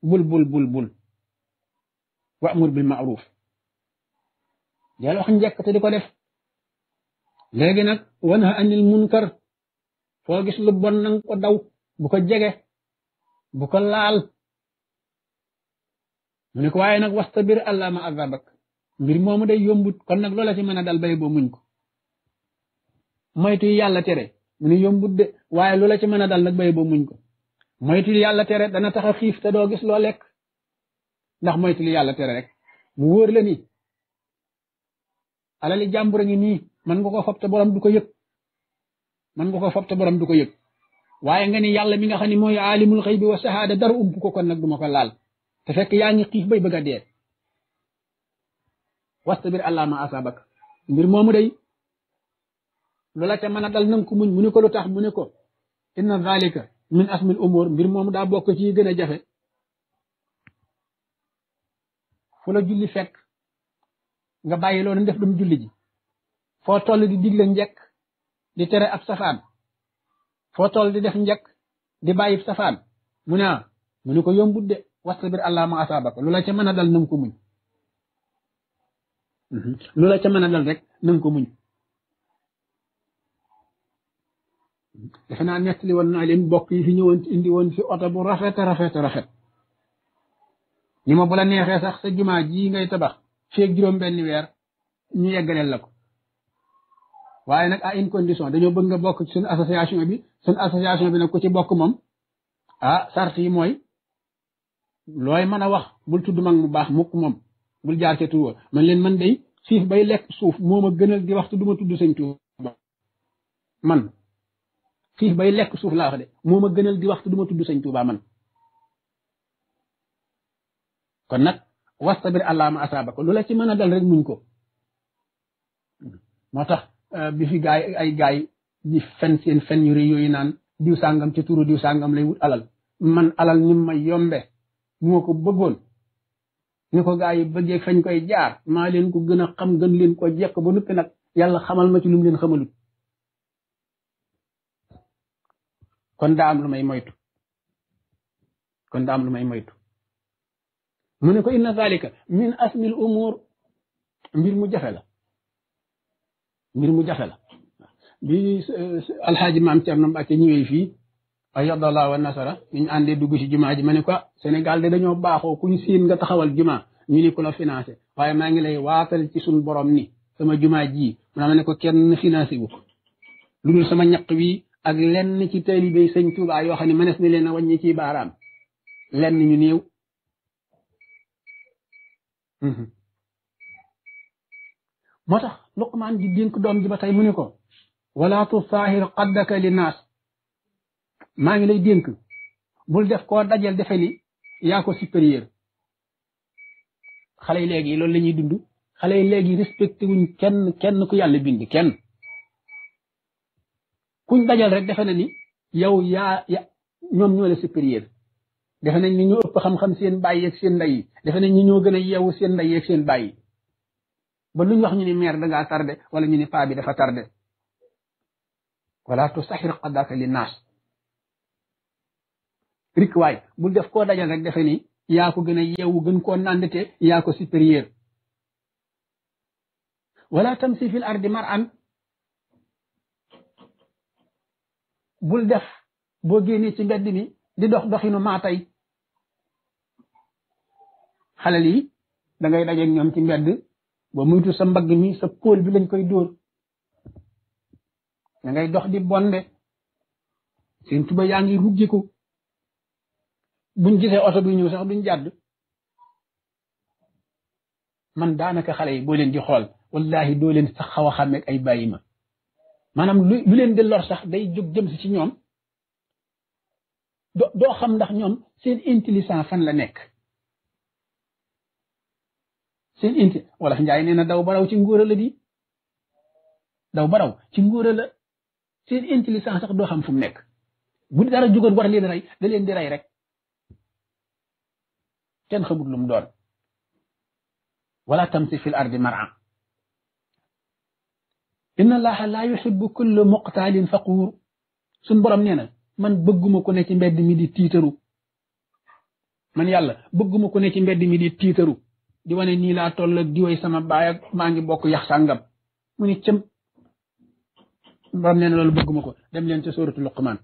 bul bul bul bul wa amur bil ma'ruf del wax njekk te diko def legi nak wanha anil munkar fo gis lu bon nang ko daw bu ko jege bu ko laal mu ne ko waaye nag wastabir allama azabak mbir moomu de yombut kon nag loola ci mën a dal bay boo muñ ko moytu yàlla tere mu ni yombut de waaye loola ci mën a dal nag bay boo muñ ko moytu yàlla tere dana tax a xiif te doo gis loo lekk ndax moytu yàlla tere rek mu wóor la ni alali jàmbur a ngi nii mën nga ko fob te borom du ko yëg mën nga ko fob te borom du ko yëg waaye nga ni yàlla mi nga xam ne mooy aalimul xëy bi wa sahaada dara ump ko kon nag duma ko laal te fekk yaa ngi xiif bay wastabir àllaa ma asaabak mbir moomu day loola ca mën a dal nanga ko muñ mu ni ko lu tax mu ni ko inna zalika min asmil umur mbir moomu daa bokk ci gën a jafe fu la julli fekk nga bàyyi loolu def dum julli ji foo toll di digle njekk di tere ab safaan foo toll di def njekk di bàyyi safaan mu ne mu ni ko yombut de wastabir àllaa ma asaabak loola ca mën a dal nanga ko muñ loolu mhm. a ca mën a dal rek nanga ko muñ defe naa nettali woon naa leen bokk yi fi ñëwoon indi woon fi oto bu rafet rafet rafet ñi ma bu a neexee sax sa jumaa ji ngay tabax feeg juróom benn weer ñu yeggaleel la ko waaye nag à une condition dañoo bëgg nga bokk ci association bi suñu association bi nag ku ci bokk moom ah sart yi mooy looy mën a wax bul tudd mag mu baax mukk moom bul jaar ci tuuba man leen man day siif bay lekk suuf moma gënal di waxtu du tuddu señ tuwa man siif bay lekk suuf la wax de moma gënal di waxtu du tuddu señ tuwa man kon nak wastabir allaama asaaba ko lu ci mën dal rek muñ ko motax euh, bi fi gaay ay gaay di fen seen fen yu reuy yooyu naan diw sangam ci turu diw sangam lay wut alal man alal nim may yombe moko beggone ni ko gaa yi bëggee fañ koy jaar maa leen ko gën a xam gën leen ko jekk ba noppi nag yàlla xamal ma ci lu leen xamalut kon daa am lu may moytu kon daa may moytu mu ne ko inna zalika min asmil umur mbir mu jafe la mbir mu jafe la bi eh, alxaaji maam Cerno Mbàkke ñëwee fii ayyadallahu wa nasara ñu andé dugg ci juma ji mané ko Sénégal de dañoo baaxoo kuñ seen nga taxawal juma ñu ni ko la financé waye ma ngi lay waatal ci suñ borom ni sama juma ji ma ne ko kenn financé wu lu dul sama ñak wi ak lenn ci talibé sëñ touba yo xani ne mënees leena leen ci baram lenn ñu néew moo tax di dénk doom ji batay mu ni ko wala tusaahir qaddaka linnas maa ngi lay dénk bul def koo dajal defe ni yaa ko supérieur xale yi léegi loolu lañuy ñuy dund xale yi léegi respecté wuñ kenn kenn ku yàlla bind kenn kuñ dajal rek defe na ni yow yaa ya ñoom ñoo la supérieur defe nañ ni ñoo ëpp xam-xam seen bàyyi ak seen ndey defe nañ ñu ñoo gën a yeewu seen ndey ak seen bàyyi ba luñ wax ñu ni maire da ngaa tardé ñu ni paa bi dafa tardé wala tu saxir qadaka rik way yang def ko dajal rek defe ni yaa ko gëna a gën ko nandete ya ko supérieur wala tamsi fil ardi mar'an bul def bo gene ci mbedd mi di dox doxinu ma tay xalal yi da ngay dajeeg ñom ci mbedd bo muytu sa mbag mi sa bi lañ koy door da ngay dox di bonde seen tuba yaangi buñ gisee oto bi ñëw sax duñ jàdd man daanaka xale yi boo leen di xool wallahi doo leen sax xaw a xàmmeeg ay bàyyi ma maanaam lu leen di lor sax day jóg jëm si ci ñoom do doo xam ndax ñoom seen intelligent fan la nekk seen inti wala njaay nee na daw baraw ci ngóora la di daw baraw ci ngóora la seen intelligent sax doo xam fu mu nekk bu dara jógoon war leen rey da leen di rey rek kenn xamut lum doon wala tamsi fi l ardi mar'a inna allaha la yuhibbu kulla muqtalin faquur sun borom nee na man bëgguma ku ne ci mbedd mi di tiitaru man yàlla bëgguma ku ne ci mbedd mi di tiitaru di wane nii laa toll ak diwoy sama baay ak maa ngi bokk yax sàngam mu ni cëm borom nee na loolu bëgguma ko dem leen ca sóoratu luqmaan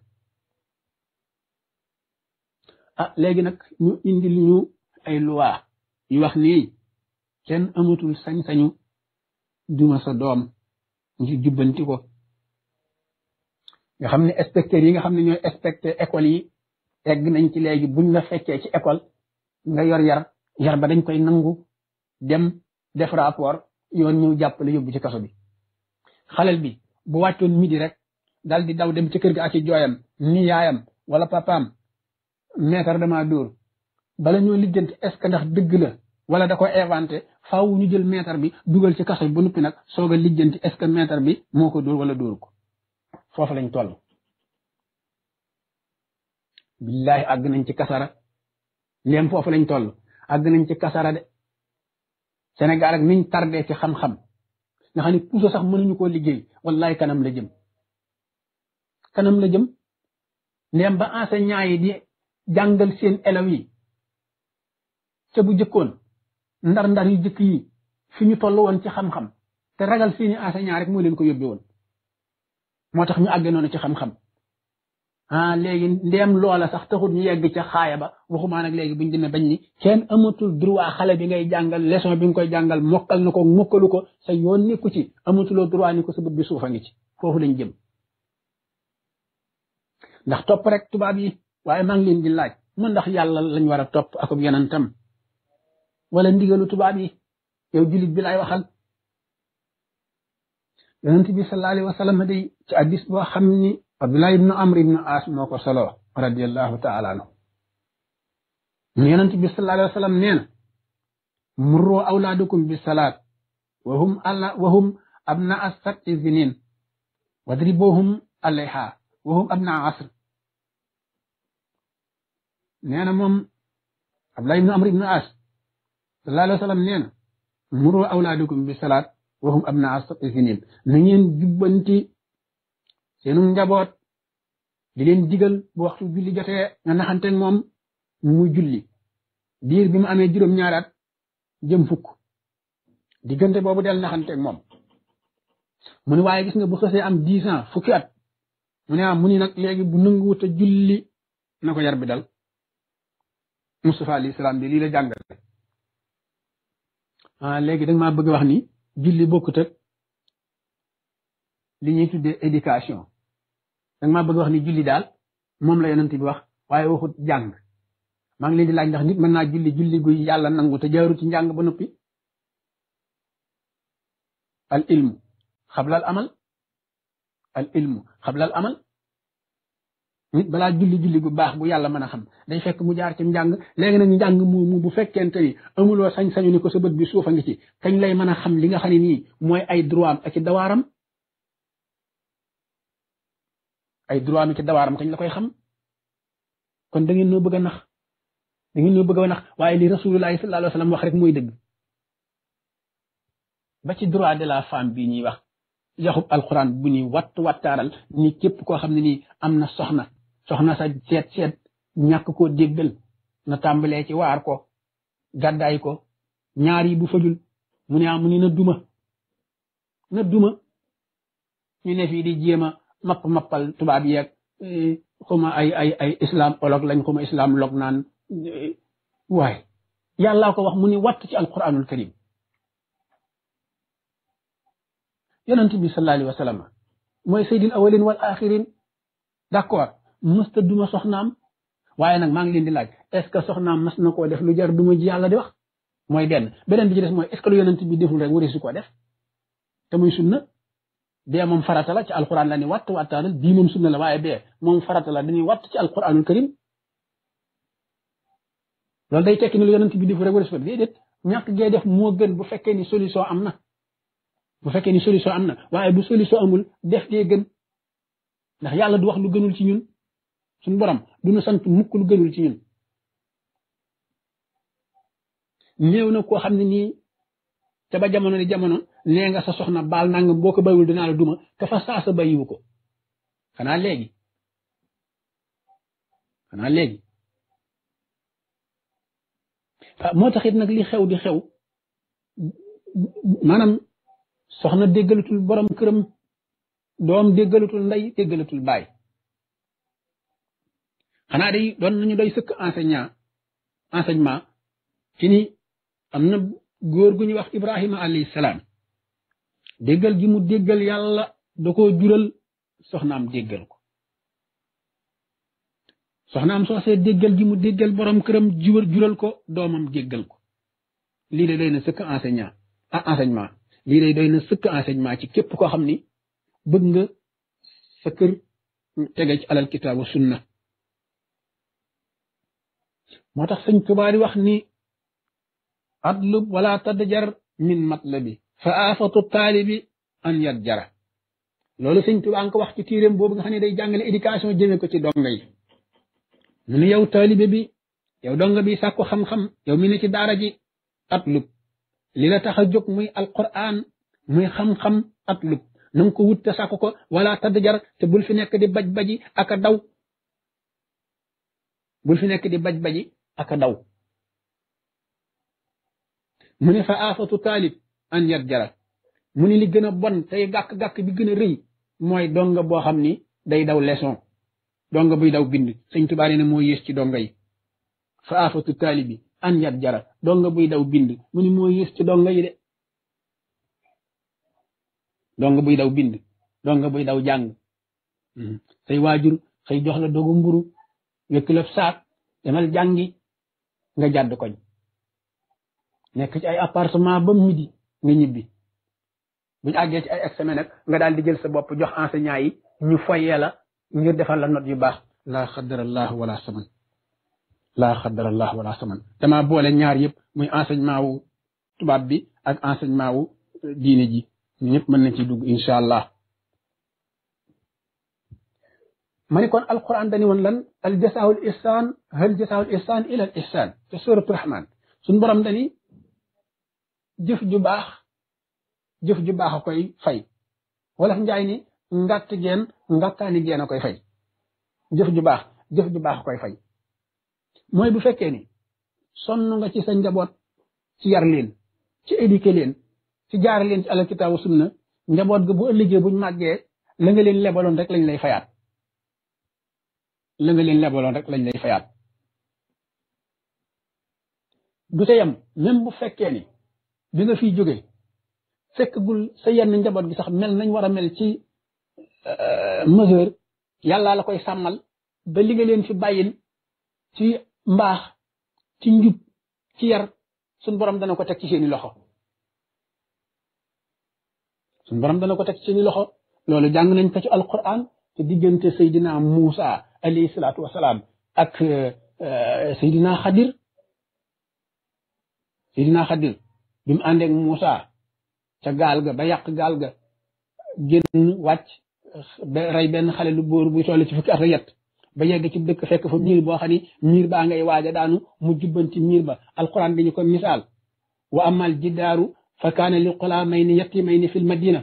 ah léegi nag ñu indi lu ñu ay loi yu wax nii kenn amatul sañ-sañu duma sa doom ngir jubbanti nga xam ne inspecteurs yi nga xam ne ñooy inspecté école yi egg nañ ci léegi buñ la fekkee ci école nga yor yar yar ba dañ koy nangu dem def rapport yoon ñëw jàppale yóbbu ci kaso bi xalel bi bu wàccoon midi rek dal di daw dem ci kër ga ak ci jooyam ni wala papaam maître dama bala ñoo lijjanti est ndax dëgg la wala da ko inventé faaw ñu jël mètre bi dugal ci kaso bi ba noppi nag soog a lijjanti est ce bi moo ko dóor wala dóor ko foofu lañ toll. billahi àgg nañ ci kasara léem foofu lañ toll àgg nañ ci kasara de Sénégal ak niñ tardé ci xam-xam nga xam puso sax mënuñu koo liggéey wallahi kanam la jëm kanam la jëm ndéem ba enseignant yi di jàngal seen élèves yi ca bu jëkkoon ndar-ndar yu jëkk yi fi ñu toll woon ci xam-xam te ragal seeni enseignant rek moo leen ko yóbbe woon moo tax ñu àgge noonu ci xam-xam ah léegi ndeem loola sax taxut ñu yegg ca xaaya ba waxumaa nag léegi buñ demee bañ ni kenn amatul droit xale bi ngay jàngal leçon bi nga koy jàngal mokkal na ko mokkalu ko sa yoon nekku ci amatuloo droit ni ko sa bët bi suufa ngi ci foofu lañ jëm ndax topp rek tubaab yi waaye maa ngi leen di laaj mu ndax yàlla lañ war a topp akub yonentam wala ndigalu tubaab yi yow julit bi lay waxal yonent bi sallallahu alayhi wa sallam day ci hadis boo xam ni abdullah ibn amr ibn as moo ko solo radiallahu taala anhu yonent bi sallallahu alayhi wa sallam nee na murroo awlaadukum bi salaat wa hum alla wa hum abna asabti sinin wadribuhum alayha wa hum abna asr nee na moom abdullah ibn amr ibn as sallallahu alayhi wa sallam nee bi salaat wa hum abnaa sab'i siniin na ngeen jubbanti seenum njaboot di leen digal bu waxtu julli jotee nga naxanteen moom muy julli diir bi mu amee juróom ñaaraat jëm fukk diggante boobu del naxanteeg moom mu ne waaye gis nga bu xasee am dix fukki at mu ne ah mu ni nag léegi bu nanguwut a julli na ko yar bi dal Mustafa alayhi salaam bi lii la jàngale ah legui da ma bëgg wax ni julli bokkut ak li ñuy tuddé éducation da ma bëgg wax ni julli dal mom la yonent bi wax waye waxut jang ma ngi leen di laaj ndax nit mën naa julli julli gu yàlla nangu te jaaru ci njàng ba al ilmu xablal amal al ilmu xablal amal nit balaa julli julli gu baax bu yàlla mën a xam day fekk mu jaar ci njàng léegi nag njàng moomu bu fekkente ni amuloo sañ-sañu ni ko sa bët bi suufa ngi ci kañ lay mën a xam li nga xam ne nii mooy ay droit am ak ci dawaaram ay droit am ci dawaaram kañ la koy xam kon da ngeen noo bëgg a nax da noo bëgg a nax waaye li rasulullahi sallallahu wax rek mooy dëgg ba ci droit de la femme bii ñuy wax yaxub alquran bu ñuy watt wattaaral ni képp koo xam ne nii am na soxna soxna sa seet seet ñàkk koo déggal na tàmbalee ci waar ko gàddaay ko ñaar yi bu fajul mu ne ah ni na duma na duma ñu ne fii di jéem mapp mappal tubaab yeeg e, xuma ay ay olog lañ xuma islam log naan e, waaye yàllaa ko wax mu ni watt ci alquranul karim yonent bi sallallahu alayhi mooy sayyidil awalin wal axirin Musta' duma soxnam waye nak ma ngi leen di laaj est ce que soxnam mas nako def lu jar duma ji yalla di wax moy ben benen bi ci des moy est ce que lu yonent bi deful rek wari su ko def te moy sunna de mom farata la ci alquran la ni watt wattaanal bi mom sunna la waye be mom farata la dañuy wat ci alquran karim loolu day tekki ni lu yonent bi deful rek wari su ko def dedet ñak ge def mo gën bu fekke ni solution amna bu fekke ni solution amna waye bu solution amul def ge gën ndax yalla du wax lu gënul ci ñun suñu borom du ñu sant mukk lu gënul ci ñun néew na koo xam ne nii te ba jamono di jamono nee nga sa soxna baal nangam boo ko bayiwul dinaa la duma te fa saa sa bayiwu ko xanaa léegi xanaa léegi ah, moo taxit nag li xew di xew maanaam soxna déggalatul borom këram doom déggalatul ndey déggalatul baay xanaa day doon nañu doy sëkk enseignant enseignement ci ni am na góor gu ñuy wax Ibrahima alayhi salaam déggal gi mu déggal yàlla da koo jural soxnaam déggal ko soxnaam soosee déggal gi mu déggal borom këram jural ko doomam déggal ko lii de doy na sëkk enseignant ah enseignement lii de doy na sëkk enseignement ci képp koo xam ni bëgg nga sa kër ci alal kitaabu sunna motax seigne touba di wax ni adlub wala tadjar min matlabi fa afatu talib an yadjara lolu seigne touba ank wax ci tirem bobu nga xam day jàngale éducation jëme ko ci donga yi mu yow talib bi yow donga bi sàkku xam-xam yow mi ne ci dara ji atlub li la tax muy alquran muy xam-xam atlub na ko wut te sàkku ko wala tadjar te bul fi nek di baj baji ak daw bul fi nek di baj baji ak a daw mu ne fa aafatu taalib an yat jara mu ne bon tey gàkk-gàkk bi gën rëy mooy donga boo xam ni day daw leçon donga buy daw bind sëñ Tuubaa nee na moo ci donga yi fa aafatu taalib bi an yat jara donga buy daw bind mu ne moo ci donga yi de donga buy daw bind donga buy daw jàng mm-hmm. say waajur xëy jox la dogu mburu la saak demal jàngi nga jàdd koñ nekk ci ay appartement ba midi nga ñibbi bu ñu àggee ci ay examen nag nga daal di jël sa bopp jox enseignant yi ñu foyee la ngir defal la note yu baax laa xadarallah wala saman laa xadarallah wala saman dama boole ñaar yëpp muy enseignement tubaab bi ak enseignement wu ji ñu ñëpp mën nañ ci dugg incha allah ma ni kon alquran dañu woon lan al jasaawul ihsaan hal jasaawul ihsaan ila al ihsaan te suratu rahman borom dañi jëf ju baax jëf ju baax koy fay wala njaay ni ngàtt geen ngàkkaani geen a koy fay jëf ju baax jëf ju baax koy fay mooy bu fekkee ni son nga ci sa njaboot ci yar leen ci éduquer leen ci jaar leen ci alal kitaabu sunna njaboot ga bu ëllëgee buñ màggee la nga leen lebaloon rek lañ lay fayaat la nga leen lebaloon rek lañ lay fayaat du te yam bu fekkee ni bi nga fiy jógee fekk gul sa yenn njaboot gi sax mel nañ war a mel ci euh, mesure yàllaa la koy sàmmal ba li leen fi bàyyil ci mbaax ci njub ci yar suñ borom dana ko teg ci seeni loxo suñ borom dana ko teg ci seeni loxo loolu jàng nañ ko ci alquran te diggante Seydina Muusa alayhi salaatu wasalaam ak Seydina Xadir Seydina Xadir bi mu àndeeg Moussa ca gaal ga ba yàq gaal ga génn wàcc rey benn xale lu bóor buy toll ci fukki at ak yett ba yegg ci dëkk fekk fa miir boo xam ni miir baa ngay waaja daanu mu jubbanti miir ba alquran bi ñu ko misaal wa amal jidaaru fa kaana li xulaamayni yatimayni fi l madina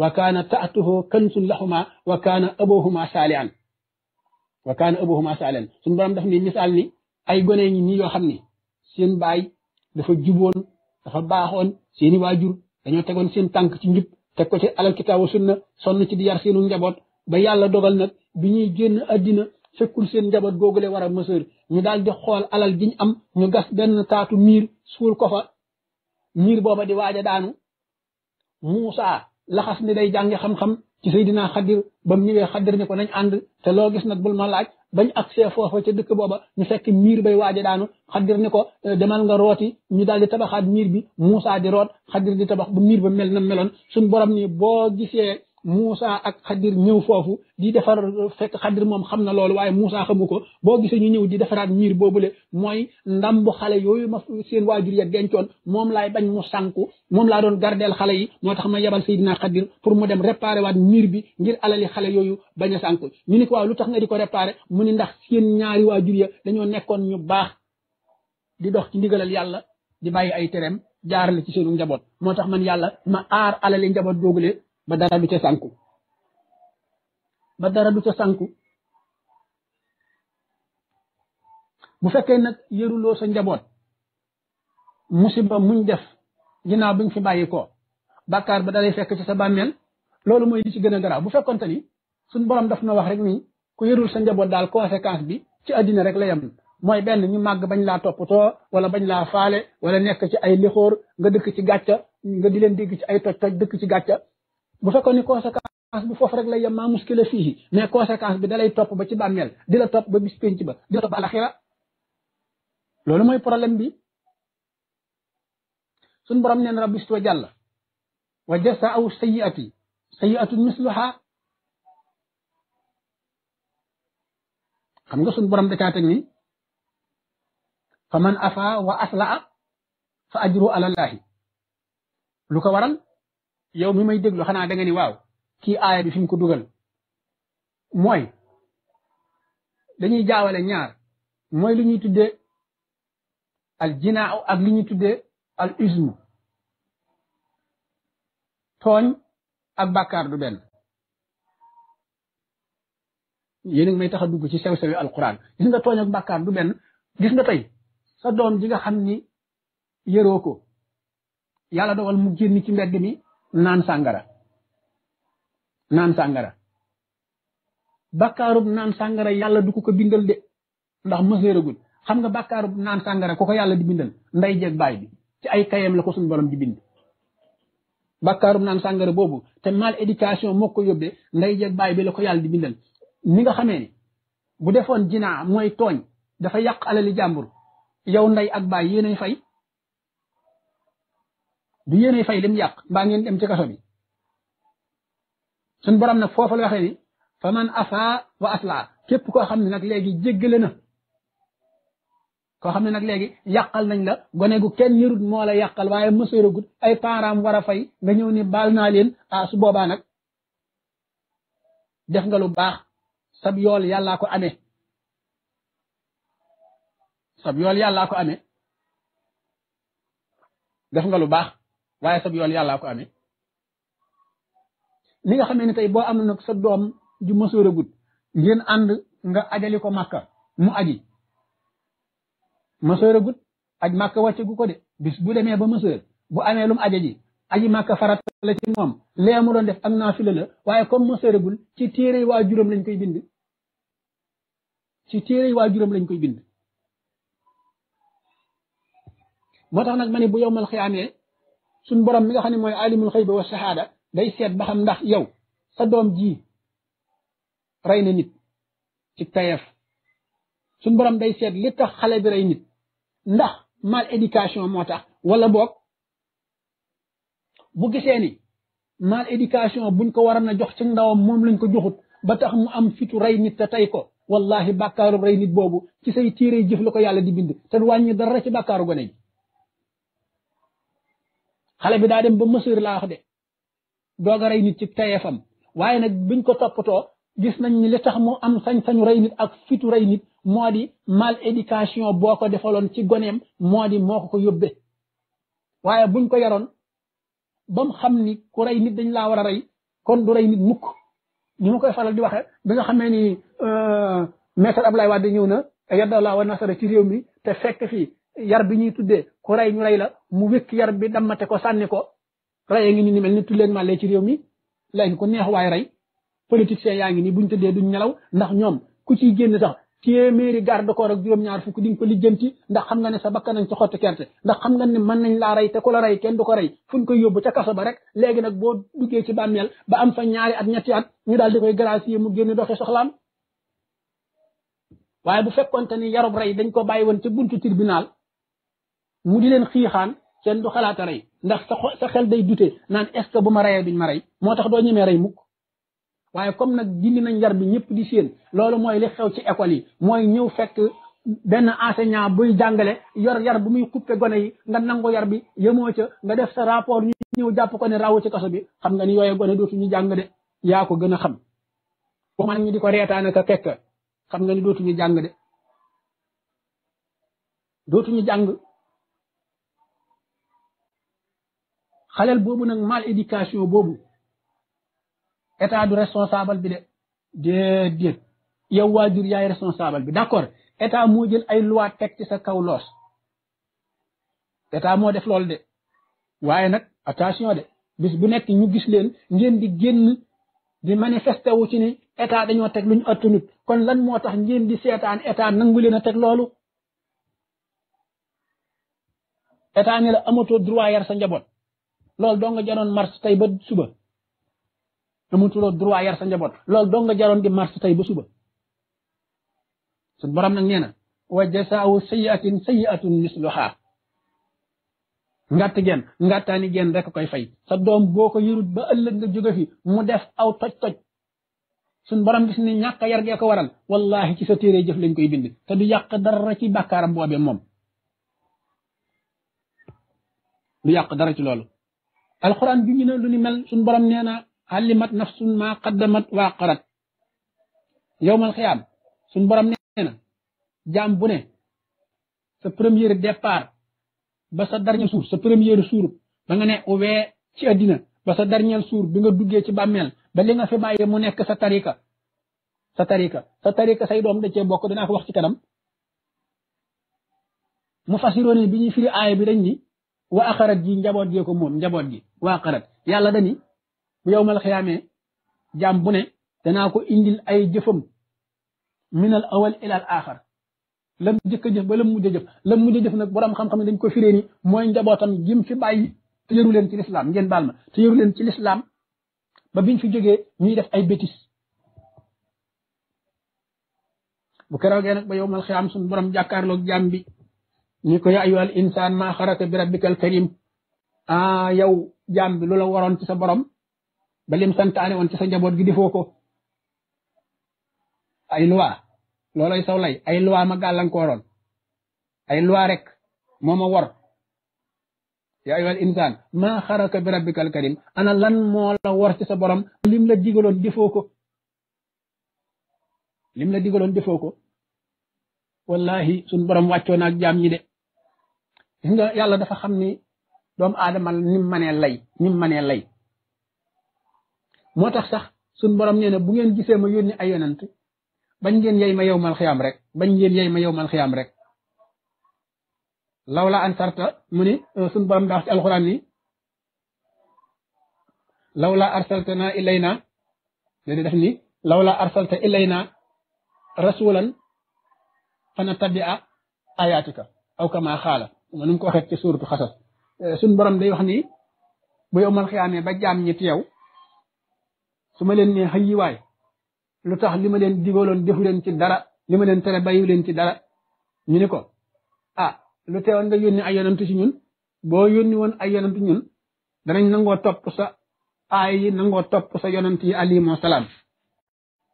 wa kaana taatuhu kansun lahuma wa kaana aboohuma saalihan wa kaana abuhum asaalan suñu borom daf ni misaal ni ay gone ñi nii yoo xam ni seen baay dafa juboon dafa baaxoon seeni waajur dañoo tegoon seen tànk ci njub teg ko ci alal kitaabu sunna sonn ci di yar seenu njaboot ba yàlla dogal nag bi ñuy génn addina fekkul seen njaboot googule war a mësër ñu daal di xool alal gi am ñu gas benn taatu miir suul ko fa miir booba di waaj a daanu Muusa laxas ni day jàngi xam-xam ci Seydina Xadir ba mu ñëwee Xadir ni ko nañ ànd te loo gis nag bul ma laaj bañ agsee foofa ca dëkk booba ñu fekk miir bay waaja daanu Xadir ni ko eh, demal nga rooti ñu daal di tabaxaat miir bi Muusaa di root Xadir di tabax bu miir ba mel na meloon suñ borom ni boo gisee Moussa ak Xadir ñëw foofu di defar fekk Xadir moom xam na loolu waaye Moussa xamu ko boo gisee ñu ñëw di defaraat miir boobule mooy ndam xale yooyu ma seen waajur ya dencoon moom laay bañ mu sànku moom laa doon gardeel xale yi moo tax ma yebal Seydina Xadir pour mu dem réparé waat miir bi ngir alali xale yooyu bañ sànku ñu ni ko lu tax nga di ko réparé mu ni ndax seen ñaari waajur ya dañoo nekkoon ñu baax di dox ci ndigalal yàlla di bàyyi ay tereem jaarale ci seenu njaboot moo tax man yàlla ma aar alali njaboot googule ba dara du ca sànku ba dara du ca sanku bu fekkee nag yëruloo sa njaboot musiba muñ def ginnaaw buñ ci bàyyi ko bàkkaar ba dalay fekk ci sa bàmmeel loolu mooy li ci gën a garaaw bu fekkonte ni suñ borom daf na wax rek ni ku yërul sa njaboot daal conséquence bi ci àddina rek la yem mooy benn ñu màgg bañ laa toppatoo wala bañ laa faale wala nekk ci ay lixóor nga dëkk ci gàcca nga di leen dégg ci ay toj toj dëkk ci gàcca bu fekkoon ni conséquence bu foofu rek la yem maa muskila fii mais conséquence bi dalay topp ba ci bàmmeel di la topp ba bis penc ba di la topp alaxira loolu problème bi sun borom neen rabbi stu jàll wa jasa aw sayiati sayiatun misluha xam nga sun borom da caa teg ni faman afa wa aslaa fa ajru ala llahi lu waral yow mi may déglu xanaa da nga waaw kii aaya bi fi mu ko dugal mooy dañuy jaawale ñaar mooy lu ñuy tuddee al jinaaw ak lu ñuy al ismu tooñ ak bàkkaar du benn yéen a ngi may tax a dugg ci sew sewi alquran gis nga tooñ ak bàkkaar du benn gis nga tey sa doom ji xam ni yëroo yàlla dogal mu génn ci mbedd mi naan sàngara naan sàngara bu naan sàngara yàlla du ko ko bindal de ndax mëseeragul xam nga bàkkaarub naan sàngara ku ko yàlla di bindal nday jeeg baay bi ci ay kayam la ko suñu borom di bind bàkkaarub naan sàngara boobu te mal éducation moo ko yóbbee nday jeeg baay bi la ko yàlla di bindal ni nga xamee ni bu defoon jinaa mooy tooñ dafa yàq alali jàmbur yow nday ak baay yéenay fay du yéenay fay lim yàq mbaa ngeen dem ti kaso bi suñ borom nag foofu la fa man afa wa asla képp koo xam ne nag léegi jéggale na koo xam ne nag léegi yàqal nañ la gone gu kenn ñërut moo la waaye mësaragut ay param war fay nga ñëw ni baal naa leen ah su boobaa nag def nga baax sab yool yàllaa ko ame sab yool yàllaa ko amee def nga baax waaye sab yàllaa ko amee li nga xamee ne tey boo am nag sa doom ju mësoor a gut ngeen ànd nga ajali ko màkka mu aji mësoor a gut aj màkka wàcce gu ko de bis bu demee ba mësoor bu amee lu mu aja ji aji màkka farat la ci moom lee doon def ak naafila la waaye comme mësoor a gul ci téere yi waa juróom lañ koy bind ci téere yi waa juróom lañ koy bind moo tax nag ma bu yow mal xiyaamee suñ borom mi nga xam moy alimul xëy wa shahada day set ba xam ndax yow sa dom ji rey na nit ci tayef suñ borom day set li tax xale bi ray nit ndax mal éducation motax wala bok bu gisee ni mal éducation buñ ko waroon a jox ci ndawam mom lañ ko joxut ba tax mu am fitu ray nit ta tay ko wallahi bakaru ray nit bobu ci say tire jëf lu ko yàlla di bind te wañi dara ci bakaru gone gi xale bi daa dem ba mesure laa wax de doog a rey nit ci tayefam waaye nag biñ ko toppatoo gis nañ ni li tax mu am sañ-sañu rey nit ak fitu rey nit moo di mal éducation boo ko defaloon ci goneem moo di moo ko ko yóbbe waaye buñ ko yaroon ba mu xam ni ku rey nit dañ laa war a rey kon du rey nit mukk ñu ma koy faral di waxe bi nga xamee ni maître Ablaye Wade ñëw na yadda laa wa nasara ci réew mi te fekk fi yar bi ñuy tuddee ku rey ñu rey la mu wékk yar bi dammate ko sànni ko reye ngi ni ni mel ni tulleeg màllee ci réew mi lañ ko neex waay rey politiciens yaa ngi ni buñ tëddee duñ ñelaw ndax ñoom ku ciy génn sax téeméeri garde corps rek juróom-ñaar fukk di nga ko lijjanti ndax xam nga ne sa bakkan nañ ci xotti kerte ndax xam nga ne mën nañ laa rey te ku la rey kenn du ko rey fuñ koy yóbbu ca kaso ba rek léegi nag boo duggee ci bàmmeel ba am fa ñaari at ñetti at ñu daal di koy gracier mu génn doxe soxlaam waaye bu fekkonte ni yarub rey dañ ko bàyyi woon ca buntu tribunal mu di leen xiixaan kenn du xalaata rey ndax sa sa xel day dute naan est bu ma reyee duñ ma rey moo tax doo ñemee rey mukk waaye comme nag dindi nañ yar bi ñëpp di séen loolu mooy li xew ci école yi mooy ñëw fekk benn enseignant buy jàngale yor yar bu muy coupé gone yi nga nangu yar bi yemoo ca nga def sa rapport ñëw jàpp ko ne rawu ci kaso bi xam nga ni yooye gone dootuñu jàng de yaa ko gën a xam ma nag ñu di ko reetaane ka kekk xam nga ni dootuñu jàng xaleel boobu nag mal éducation boobu état du responsable bi de déedéet yow waajur yaay responsable bi d'accord état moo jël ay loi teg ci sa kaw loos moo def loolu de waaye nag attention de bis bu nekk ñu gis leen ngeen di génn di manifester wu ci ni état dañoo teg lu ñu attanut kon lan moo tax ngeen di seetaan état nangu leen a teg loolu état ne la amatoo droit yar sa njaboot Lol do nga jaron mars tay ba suba lo droit yar sa njabot Lol do nga jaron di mars tay ba suba sun borom nak neena wa jasa'u sayyi'atin sayyi'atun misluha ngatt gen ngattaani gen rek koy fay sa dom boko ko ba ëllëg nga joge fi mu def aw toj toj sun borom gis ni ñaka yar ge ko waral wallahi ci sa téere jëf lañ koy bind te du yaq dara ci bakaram bobé mom du yaq dara ci lolou alquran bi ñu ne lu ni mel sun borom neena alimat nafsun ma qaddamat wa qarat yowmal xiyaam sun borom neena na bu ne sa premier départ ba sa dernier sour sa premier sour ba nga ne wee ci adina ba sa dernier sour bi nga duggé ci bàmmeel ba li nga fi baye mu nekk sa tarika sa tarika sa tarika say doom da ci bokk dina ko wax ci kanam mu bi firi ay bi dañ ni واخرت جي نجابوت جي كو موم نجابوت جي واخرت يالا داني يوم الخيامه جام بوني دانا كو انديل اي جيفم من الاول الى الاخر لم جيك جيف بلا مودي جيف لم مودي جيف نك بروم خام خام دنج كو فيريني موي نجابوتام جيم في باي تيرو لين تي الاسلام نين بالما تيرو لين تي الاسلام با بين في جوغي ني داف اي بيتيس bu keroge nak ba yowmal khiyam sun borom jakarlok jambi ni ko ya ayyuhal insaan maa xaraka bi rabbikal karim a ah, yow jaam bi lu la waroon ci sa borom ba lim santaane woon ci sa njaboot gi defoo ko ay loi loolay saw lay ay loi ma gàllankooroon ay loi rek moo ma war yaa ayyuhal insaan maa xaraka bi rabbikal karim ana lan moo la war ci sa borom lim la digaloon defoo ko lim la digaloon defoo ko wallahi sun borom wàccoo naag jaam ñi de gis yàlla dafa xam ni doomu aadama ni mu mënee lay ni lay moo tax sax suñ borom nee bu ngeen gisee ma yónni ay yonent bañ yey ma yow mal xiyaam rek bañ ngeen yey ma yow mal xiyaam an sarta mu ni euh, suñ borom daa ci alxuraan ni law la arsaltana ilayna léegi def ni law la arsalta ilayna rasulan fana tabi'a ayatika aw xaala nu mu ko waxee ci suuratu xasas eh, suñ borom day wax ni bu yow mal xiyaamee ba jaam ñi teew su ma leen nee xëy waay lu tax li ma leen digaloon defu leen ci dara li leen tere bàyyiwu leen ci dara ñu ni ko ah lu teewoon nga yónni ay yonent ci ñun boo yónni woon ay yonent ñun danañ nangoo topp sa aay yi nangoo topp sa yonent yi alayhimu salaam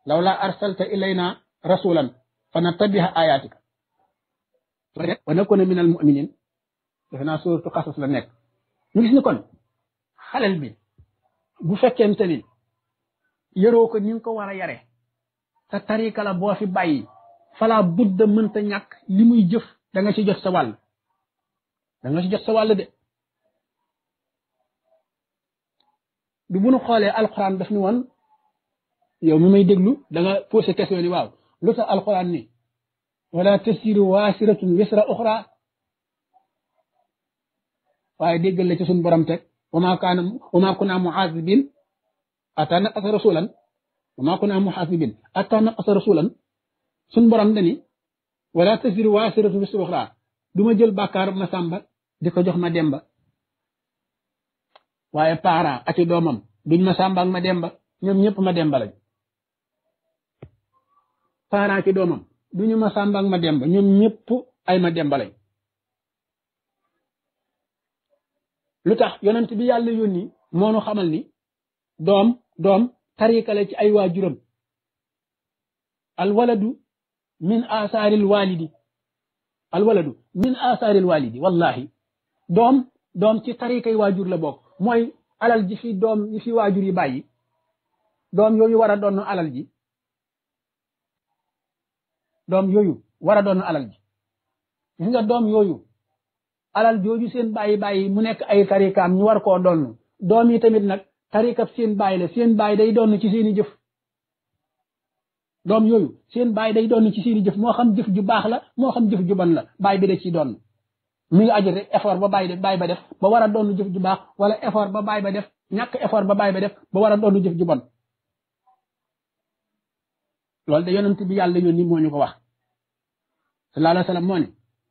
lawlaa arsalta ilayna rasulan fa nattabiha ayatika wa nakuna minal defe naa suuratu xasas la nekk ñu gis ni kon xalel bi bu fekkente ni yaroo ko ni ko war a yare sa tarika la boo fi bàyyi fala budda mënta ñàkk li muy jëf danga ci jot sa wàll da nga ci jot sa wàll de bi bu nu xoolee alxuraan daf ni woon yow mi may déglu da nga posé question ni waaw lu tax alxuraan ni wala tasiru waasiratun wisra uxra waaye déggal la ci suñu borom teg wa maa kaana wa maa kunaa muhaasibin attaa nab'asa rasuulan wa maa kunaa muhaasibin attaa nab'asa rasuulan suñu borom dani wala taziru waasiratun wizra du ma jël bàkkaar ma sàmba di ko jox ma demba waaye parent ak i doomam duñ ma sàmba ak ma demba ñoom ñëpp ma demba lañ parent ak i doomam duñu ma sàmba ma demba ñoom ñëpp ay ma demba lañ lu tax bi yàlla yónni moonu xamal ni doom doom tariika la ci ay waajuram alwaladu min asaaril walidi alwaladu min asaaril walidi wallahi doom doom ci tariikay waajur la bokk mooy alal ji fi doom yi fi waajur yi bàyyi doom yooyu war a doon alal ji doom yooyu war a doon alal ji gis doom yooyu alal jooju seen bàyyi bàyyi mu nekk ay tarikaam ñu war koo donn doom yi tamit nag tarikab seen bàyyi la seen bàyyi day doon donn ci seeni jëf doom yooyu seen bàyyi day donn ci seeni jëf moo xam jëf ju baax la moo xam jëf ju la bàyyi bi da ciy donn mi ngi aju rek effort ba bàyyi bàyyi ba def ba war a doon jëf ju baax wala effort ba bàyyi ba def ñàkk effort ba bàyyi ba def ba war a doon jëf ju bon loolu de yonent bi yàlla yónni moo ñu ko wax sallallahu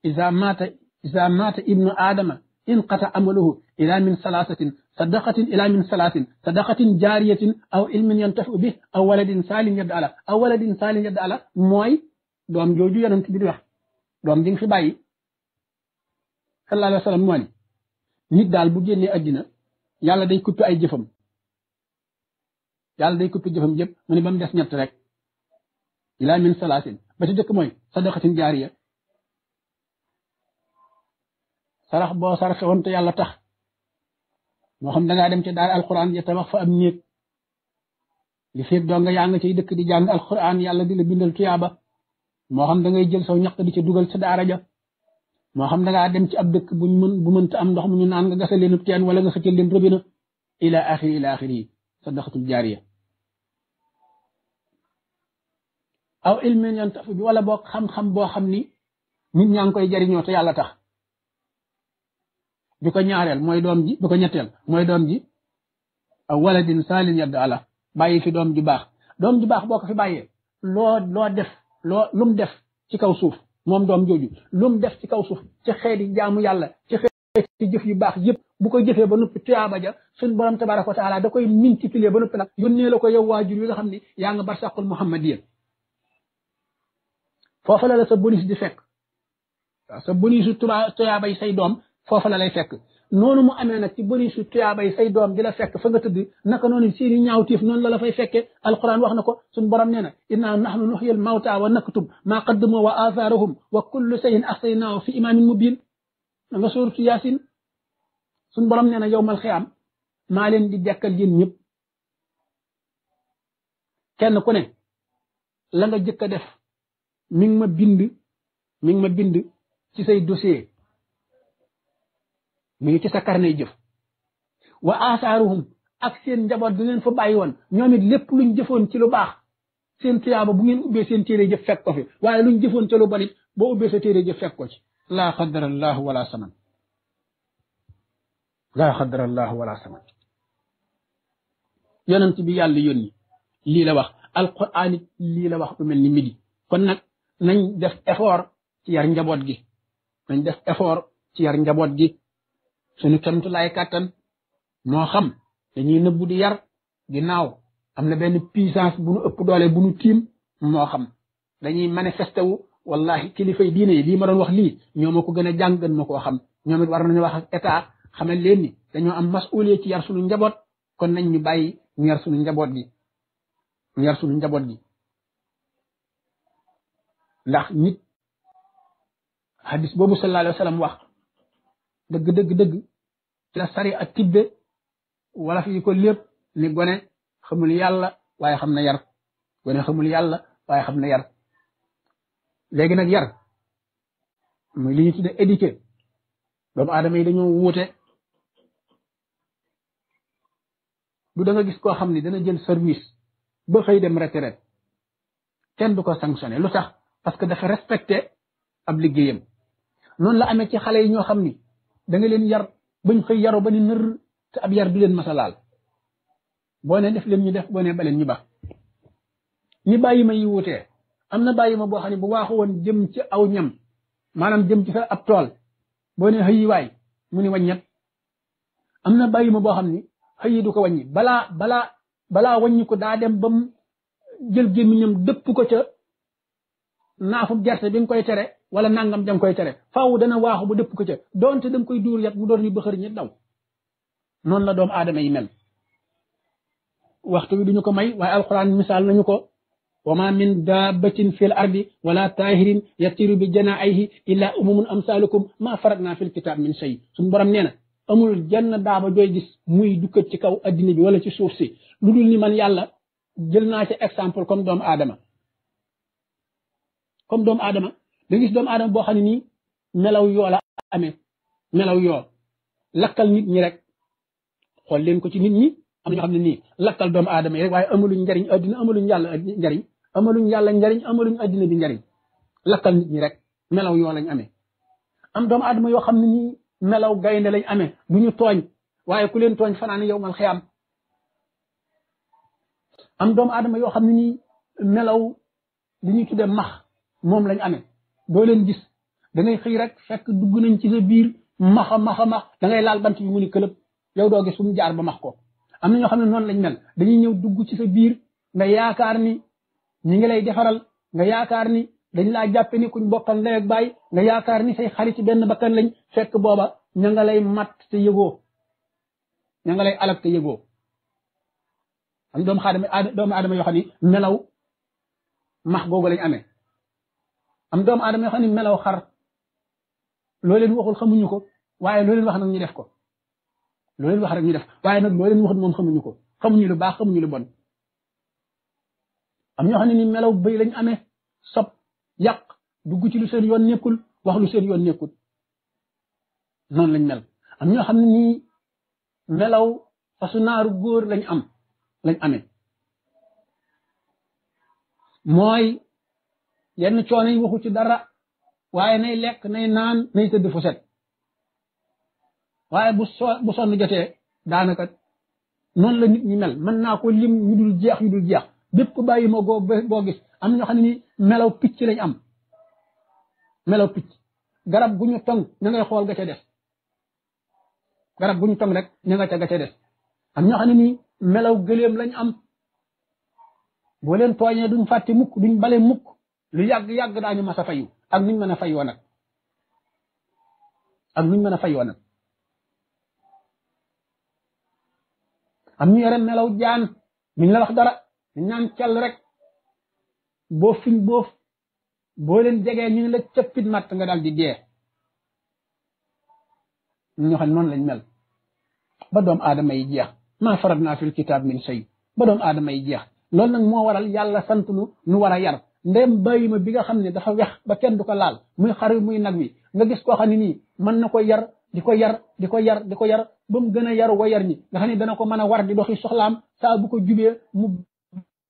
alayhi wa إذا مات ابن آدم انقطع عمله إلى من ثلاثة صدقة إلى من ثلاث صدقة جارية أو علم ينتفع به أو ولد سالم يدعى له أو ولد سالم يدعى له موي دوم جوجو يونت بي wax doom di nga fi bàyyi sallallahu alayhi wa sallam moo ni nit daal bu génnee àddina yàlla day kuppi ay jëfam yàlla day kuppi jëfam yëpp mu ne ba mu des ñett rek ilaa min salaasin ba ci dëkk mooy sadaqatin jaariya sarax bo sarax won te yàlla tax mo xam da nga dem ci daara alquran ya tabax fa am néeg li fi do nga yang ci dëkk di jàng alquran yàlla di la bindal tiyaba mo xam da ngay jël saw ñaq di ci duggal ci dara ja mo xam da nga dem ci ab dëkk buñ mën bu mënta am ndox mu ñu naan nga gassale nu teen wala nga xëccal leen robina ila akhir ila akhir sadaqatu jariya aw ilmin yantafu bi wala bok xam-xam bo xamni nit ñang koy jariño te yàlla tax bi ko ñaareel mooy doom ji bi ko ñetteel mooy doom ji waladin saalin yabda ala bàyyi fi doom ju baax doom ju baax boo ko fi bàyyee loo loo def loo lu mu def ci kaw suuf moom doom jooju lu def ci kaw suuf ci xeeti jaamu yàlla ci xeeti jëf yu baax yëpp bu ko jëfee ba noppi tuyaaba ja suñ borom tabaraka wa taala da koy multiplier ba noppi nag yónnee la ko yow waajur yi nga xam ni yaa nga barsàqul muhammadiya foofa la la sa bonus di fekk waaw sa say doom foofa la lay fekk noonu mu amee nag ci bëri su tuyaaba yi say doom di la fekk fa nga tëdd naka noonu seeni ñaawtiif noonu la la fay fekkee alquran wax na ko suñ borom nee na inna nahnu nuhyi al mawta wa naktub ma qaddamu wa athaarahum wa kullu shay'in ahsaynaahu fi imamin mubin da nga suurtu yasin suñ borom nee na yowmal xiyaam maa leen di dekkal yéen ñëpp kenn ku ne la nga jëkk a def mi ngi ma bind mi ngi ma bind ci say dossier mi ci sa carnet jëf wa asaruhum ak seen njaboot du ngeen fa bàyyi woon ñoom it lépp luñ jëfoon ci lu baax seen tiyaaba bu ngeen ubbee seen téere jëf fekk ko fi waaye luñ jëfoon ci lu bon it boo ubbee sa téere jëf fekk ko ci laa xaddara allahu wala saman laa xaddara allahu wala saman yonent bi yàlla yónni lii la wax alquran it lii la wax bu mel ni midi kon nag nañ def effort ci yar njaboot gi nañ def effort ci yar njaboot gi suñu kemtu lay katan mo xam dañuy nëbbu di yar ginaaw am na benn puissance bu nu ëpp doole bu nu tim mo xam dañuy manifesté wu wallahi yi diine yi lii ma doon wax lii ñoo ma ko gën a jàng ma xam ñoom it war nañu wax ak état xamal leen ni dañoo am masuliyé ci yar suñu njaboot kon nañ ñu bàyyi ñu yar suñu njaboot gi ñu yar suñu njaboot gi ndax nit hadis boobu sallallahu alayhi wa sallam wax dëgg dëgg dëgg ci la sari ak tibbe wala fi ko lépp ni gone xamul yàlla waaye xam na yar gone xamul yàlla waaye xam na yar léegi nag yar muy li ñu tudde éduqué doomu aadama yi dañoo wuute du da nga gis koo xam ni dana jël service ba xëy dem retraite kenn du ko sanctionné lu tax parce que dafa respecté ab liggéeyam noonu la amee ci xale yi ñoo xam ni danga leen yar bañ xëy yaru ba ni nër ab yar du leen masa laal boo ne def leen ñu def boo ne baleen ñu bax ñi bàyyi ma yi wutee am na bàyyi ma boo xam ne bu waaxu woon jëm ci aw ñam maanaam jëm ci ab tool boo ne xëyi waay mu ni wàññat am na bàyyi boo xam ni du ko wàññi balaa balaa balaa wàññi daa dem bam jël gémmiñam dëpp ko ca naafub gerte bi koy tere wala nangam dang koy tere faaw dana waaxu bu dëpp ko ca donte dang koy duur yat mu door ñu bëxër ñi daw noonu la doom aadama yi mel waxtu wi duñu ko may waaye alquran misaal nañu ko وما من دابة في الأرض ولا طاهر يطير بجناحيه إلا أمم أمثالكم ما فرقنا في الكتاب من شيء سن برام نينا amul jenn daaba joy gis muy dukkat ci kaw addina bi wala ci suuf si lu dul ni man yàlla jël naa ci exemple comme doomu aadama comme doomu aadama da gis doomu aadama boo xam ne nii melaw yoo la amee melaw yoo lakkal nit ñi rek xool leen ko ci nit ñi am na ñoo xam ne nii lakkal doomu aadama yi rek waaye amaluñ njariñ addina amaluñ yàlla njariñ amaluñ yàlla njariñ amaluñ addina bi njariñ lakkal nit rek melaw yoo lañ amee am doomu aadama yoo xam ne nii melaw gaynde lañ amee bu ñu tooñ waaye ku leen tooñ fanaan yow mal xiyaam am doomu aadama yoo xam ne nii melaw li ñuy tuddee max moom lañ amee doo leen gis da ngay rek fekk dugg nañ ci sa biir max a max a max da laal bant bi mu ni këlëb yow doo gis fu mu jaar ba max ko am na ñoo xam ne noonu lañ mel dañuy ñëw dugg ci sa biir nga yaakaar ni ñi ngi lay defaral nga yaakaar ni dañ laa jàppe ni kuñ bokkal ndey ak nga yaakaar ni say xarit ci benn bakkan lañ fekk booba ña nga lay mat te yëgoo ña lay alak te yëgoo am doomu aadama doomu yoo xam ni melaw max googu lañ amee am doom adam yo xam melaw xar lo leen waxul xamuñu ko waye lo leen wax nak ñu def ko lo leen wax rek ñu def waye nak loo leen waxul mom xamuñu ko xamuñu lu baax xamuñu lu bon am ñoo xam ni melaw bëy lañ amé sop yàq dugg ci lu seen yoon nekkul wax lu seen yoon nekkul non lañ mel am ñoo xam ni melaw fasu naaru góor lañ am lañ amé moy yenn coono yi waxu ci dara waaye nay lekk nay naan nay tëdd fu set waaye bu so bu sonn jotee daanaka noonu la nit ñi mel mën naa ko lim yu dul jeex yu dul jeex bépp bàyyi moo goo boo gis am ñoo xam ne ni melaw picc lañ am melaw picc garab gu ñu tong ña ngay xool ga ca des garab gu ñu tong rek ña nga ca ga ca des am ñoo xam ne melaw gëléem lañ am boo leen tooñee duñ fàtte mukk duñ bale mukk lu yàgg yàgg daañu mas a fayu ak niñ mën a fayoo nag ak niñ mën a fayoo nag am ñu yore melaw jaan miñ la wax dara ñaan cal rek boo fiñ boo leen jegee ñu la cëppit matt nga daal di dee ñu xam noonu lañ mel ba doom aadama yi jeex ma farat naa fil kitaab min shay ba doom aadama yi jeex loolu nag moo waral yàlla sant nu nu yar ndem bàyyi ma bi nga xam ne dafa wex ba kenn du ko laal muy xar muy nag wi nga gis ko xam ne nii mën na ko yar di ko yar di ko yar di ko yar ba mu gën a yaru wa yar ñi nga xam ne dana ko mën a war di doxi soxlaam saa bu ko jubee mu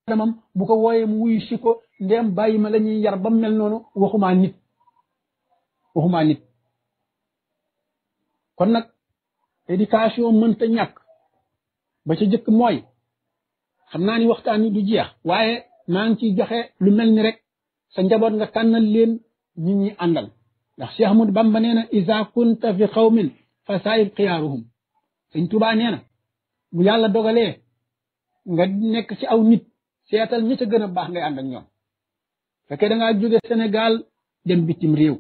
damam bu ko wooyee mu wuyu si ko ndem bàyyi ma la ñuy yar ba mu mel noonu waxumaa nit waxumaa nit kon nag éducation mënta ñàkk ba ca jëkk mooy xam naa ni waxtaan yi du jeex waaye maa ngi ciy joxe lu mel ni rek sa njaboot nga tànnal leen ñit ñi àndal ndax Cheikh Ahmadou Bamba nee na isa kunta fi xawmin fa saayib xiyaaruhum sëñ Tuubaa nee na bu yàlla dogalee nga nekk ci aw nit seetal ñi ca gën a baax ngay ànd ak ñoom fekkee da ngaa jóge Sénégal dem bitim réew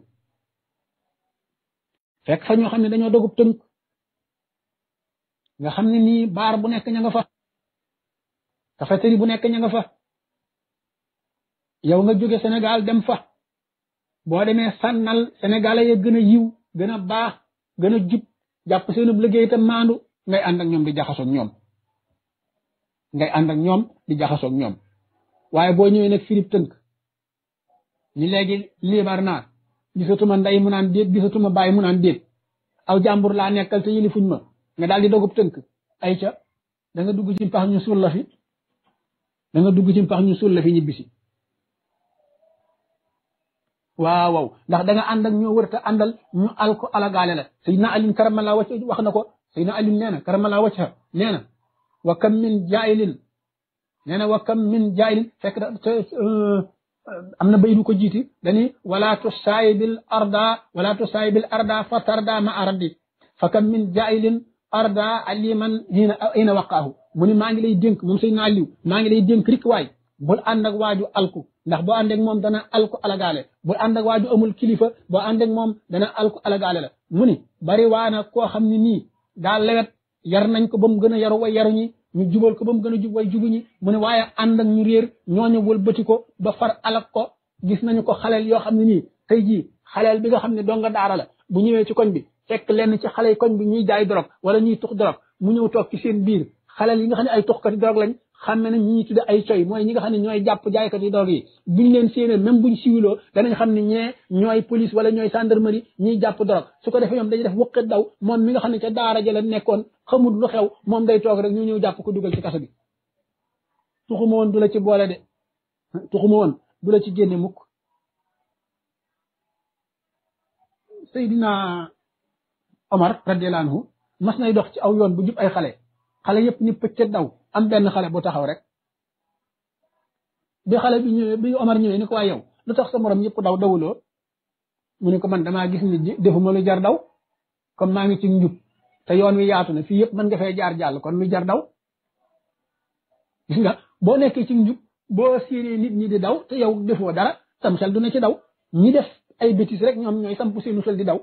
fekk fa ñoo xam ne dañoo dogub tënk nga xam ne nii baar bu nekk ña nga fa cafétéria bu nekk ña nga fa yow nga joge senegal dem fa bo demé sanal senegal ya gëna yiw gëna baax gëna jup japp seenu liggéey tam maandu ngay and ak ñom di ak ñom ngay and ak ñom di ak ñom waye bo ñëwé nak philippe teunk ni légui liibar naa gisatuma nday mu naan deet gisatuma bay mu naan deet aw jambour la nekkal te fuñ ma nga daal di ay ca da nga dugg ci pax ñu fi da nga dugg ci pax ñu fi ñibisi waaw waaw ndax da nga ànd ak ñoo wërta àndal ñu al ko alagaale la sayidna alim karamala wacc wax na ko sayidna alim nee na karamala wacca nee na wa kam min jailin nee na wa kam min jailin fekk da am na bay du ko jiiti dani wala tusaayibil arda wala tusaayibil arda fa tarda ma ardi fa kam min jailin arda aliman hina hina waqaahu mu ni maa ngi lay dénk moom sayidna aliw maa ngi lay dénk rik waay bul ànd ak waaju alku ndax boo àndeeg mom dana alku alagale bu ànd ak waa amul kilifa boo àndeeg mom dana alku alagale la muni bari waana ko xamni ni da lewet yar nañ ko bam gëna yar way yaruñi ñu jubal ko bam gëna jub way jubuñi muni waya ànd ak ñu réer ñooñu wëlbati ko ba far alak ko gis nañ ko xalel yo xamni ni tay ji xalel bi nga xamni do nga daara la bu ñewé ci koñ bi fekk lenn ci xale koñ bi ñuy jaay dorog wala ñuy tuk dorog mu ñëw tok ci seen biir xalel yi nga xamni ne ay tuxkati dorog lañ xam ne nag ñi ñuy ay coy mooy ñi nga xam ne ñooy jàpp jaaykat yi doog yi buñ leen séenee même buñ siwiloo danañ xam ne ñee ñooy police wala ñooy gendarmerie ñiy jàpp dorog su ko defee ñoom dañuy def wëqat daw moom mi nga xam ne ca daara ja la nekkoon xamul lu xew moom day toog rek ñu ñëw jàpp ko dugal ci kaso bi tuxuma woon du la ci boole de tuxuma woon du la ci génne mukk Seydina Omar radiyallahu anhu mas nay dox ci aw yoon bu jub ay xale xale yëpp ñu pëcc daw am benn xale bu taxaw rek bi xale bi ñëwee bi Omar ñëwee ni ko waaye yow lu tax sa morom ñëpp daw dawuloo mu ne ko man damaa gis ni defuma lu jar daw comme maa ngi ci njub te yoon wi yaatu na fii yëpp mën nga fay jaar jàll kon lu jar daw gis nga boo nekkee ci njub boo siiree nit ñi di daw te yow defoo dara sam xel du na ci daw ñi def ay bêtises rek ñoom ñooy samp seenu xel di daw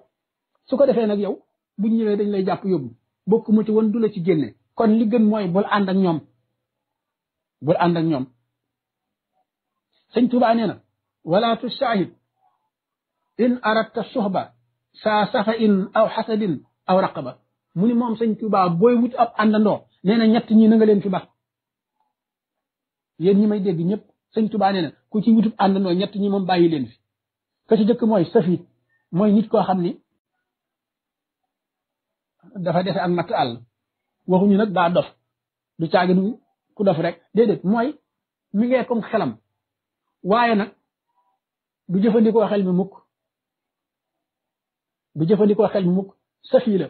su ko defee nag yow buñ ñëwee dañ lay jàpp yóbbu bokkuma ci won du la ci génne kon li gën mooy bul ànd ñoom bul ànd ñoom sëñ Tuubaa nee na wala tusaahib in aradta suhba saa safa in aw xasadin aw raqaba mu ni moom sëñ Tuubaa booy wut ab àndandoo nee na ñett ñi na nga leen fi ba yéen ñi may dégg ñëpp sëñ Tuubaa nee na ku ci wutub àndandoo ñett ñi moom bàyyi leen fi ka ci jëkk mooy safiit mooy nit koo xam ni dafa defe ak matt àll waxuñu nag daa dof du caaginu ku dof rek déedéet mooy mi ngee xelam waaye nag du jëfandikoo xel mi mukk du jëfandikoo xel mi mukk safi la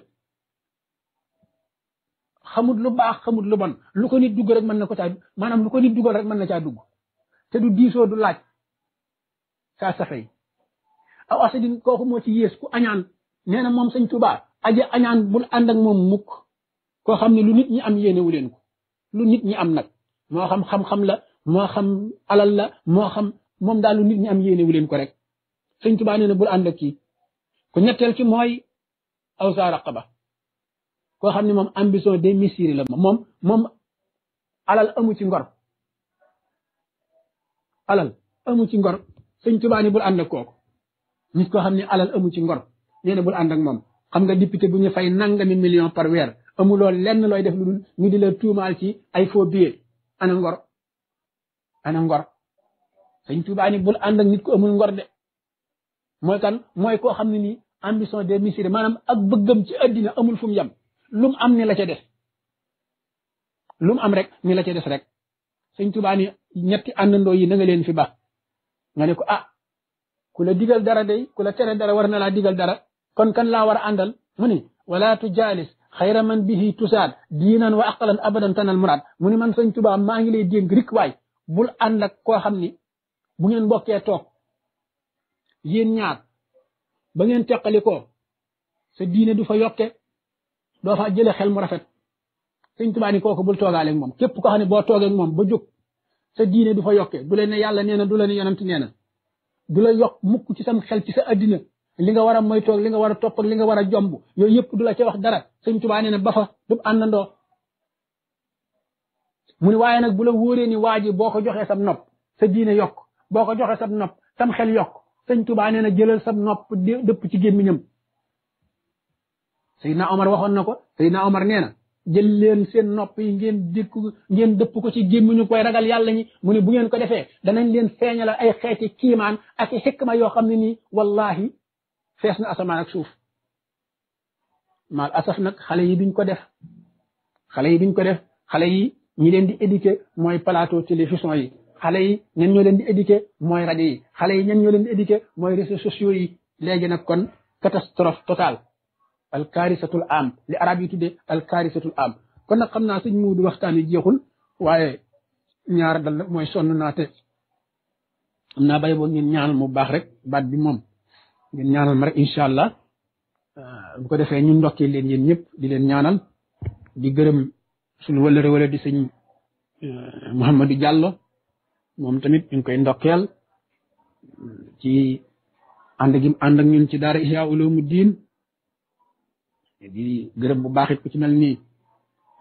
xamut lu baax xamut lu bon lu ko nit dugg rek mën na ko caa maanaam lu ko nit dugal rek mën na caa dugg te du diisoo du laaj saa safay aw asadin kooku moo ci yées ku añaan nee moom sëñ Tuubaa aje añaan bul ànd moom mukk ko xamni lu nit ñi am yene wulen ko lu nit ñi am nak mo xam xam-xam la mo xam alal la mo xam mom daal lu nit ñi am yene wulen ko rek sëñ tubaa neena bul ànd ak ki ko ñettel ci moy aw sa raqaba ko xamni mom ambition des misiri la mom mom alal amu ci ngor alal amu ci ngor sëñ tubaa ni bul ànd ak kooku nit ko xamni alal amu ci ngor neena bul ànd ak mom xam nga député bu ñu fay nangami million par weer amuloo lenn looy def lu dul ñu di la tuumaal ci ay faux billets ana ngor ana ngor sëñ Tuubaa ni bul ànd ak nit ku amul ngor de mooy kan mooy koo xam ne nii ambition des miséré maanaam ak bëggam ci addina amul fu mu yem lu mu am ni la ca des lu am rek ni la ca def rek sëñ Tuubaa ni ñetti àndandoo yi na leen fi ba nga ne ko ah ku la digal dara day ku la tere dara war na laa digal dara kon kan laa war a àndal mu ni wala tu jaalis xayra man bihi tusaat diinan wa aqalan abadan tanal muraad mu ni man sëñ Tuubaa maa ngi lay dénk waay bul ànd ak koo xam ni bu ngeen bokkee toog yéen ñaar ba ngeen teqali ko sa diine du fa yokke doo fa jële xel mu rafet sëñ Tuubaa ni kooku bul toogaaleeg moom képp koo xam ne boo toogeeg moom ba jóg sa diine du fa yokke du la ne yàlla nee du la ne yonent nee na du la yokk mukk ci sam xel ci sa addina li nga war a moytoog li nga war a topp li nga war a jomb yooyu yëpp du la ca dara sëñ Tuubaa nee na ba fa du àndandoo mu ni waaye nag bu la wóoree ni waa ji boo ko joxee sam nopp sa diine yokk boo ko joxee sam nopp sam xel yokk sëñ Tuubaa nee na jëlal sam nopp dëpp ci gémmiñam Seydina Omar waxoon na ko Seydina Omar nee na jël leen seen nopp yi ngeen dékk ngeen dëpp ko ci gémmiñu koy ragal yàlla ñi mu ne bu ngeen ko defee danañ leen feeñal ay xeeti kiimaan ak xikma yoo xam ne nii wallahi fees na asamaan ak suuf mal asaf nag xale yi biñ ko def xale yi biñ ko def xale yi ñi leen di éduquer mooy plateau télévision yi xale yi ñen ñoo leen di éduquer mooy rajo yi xale yi ñen ñoo leen di éduquer mooy réseaux sociaux yi léegi nag kon catastrophe totale al karisatul am li arab yi tuddee al karisatul am kon nag xam naa suñ muudu waxtaan yi jeexul waaye ñaar dal mooy sonn naa te am naa bay boo ngeen ñaanal mu baax rek baat bi moom ngeen ñaanal ma rek inshallah allah ah, bu ko defee ñu ndokki leen yéen ñëpp di leen ñaanal di gërëm suñu wëlëre wala di sëñ eh, Mouhamadou Diallo moom tamit ñu koy ndokkeel ci ànd gi ànd ak ñun ci daara Ihya Ulumu Diin di gërëm bu baaxit ku ci mel nii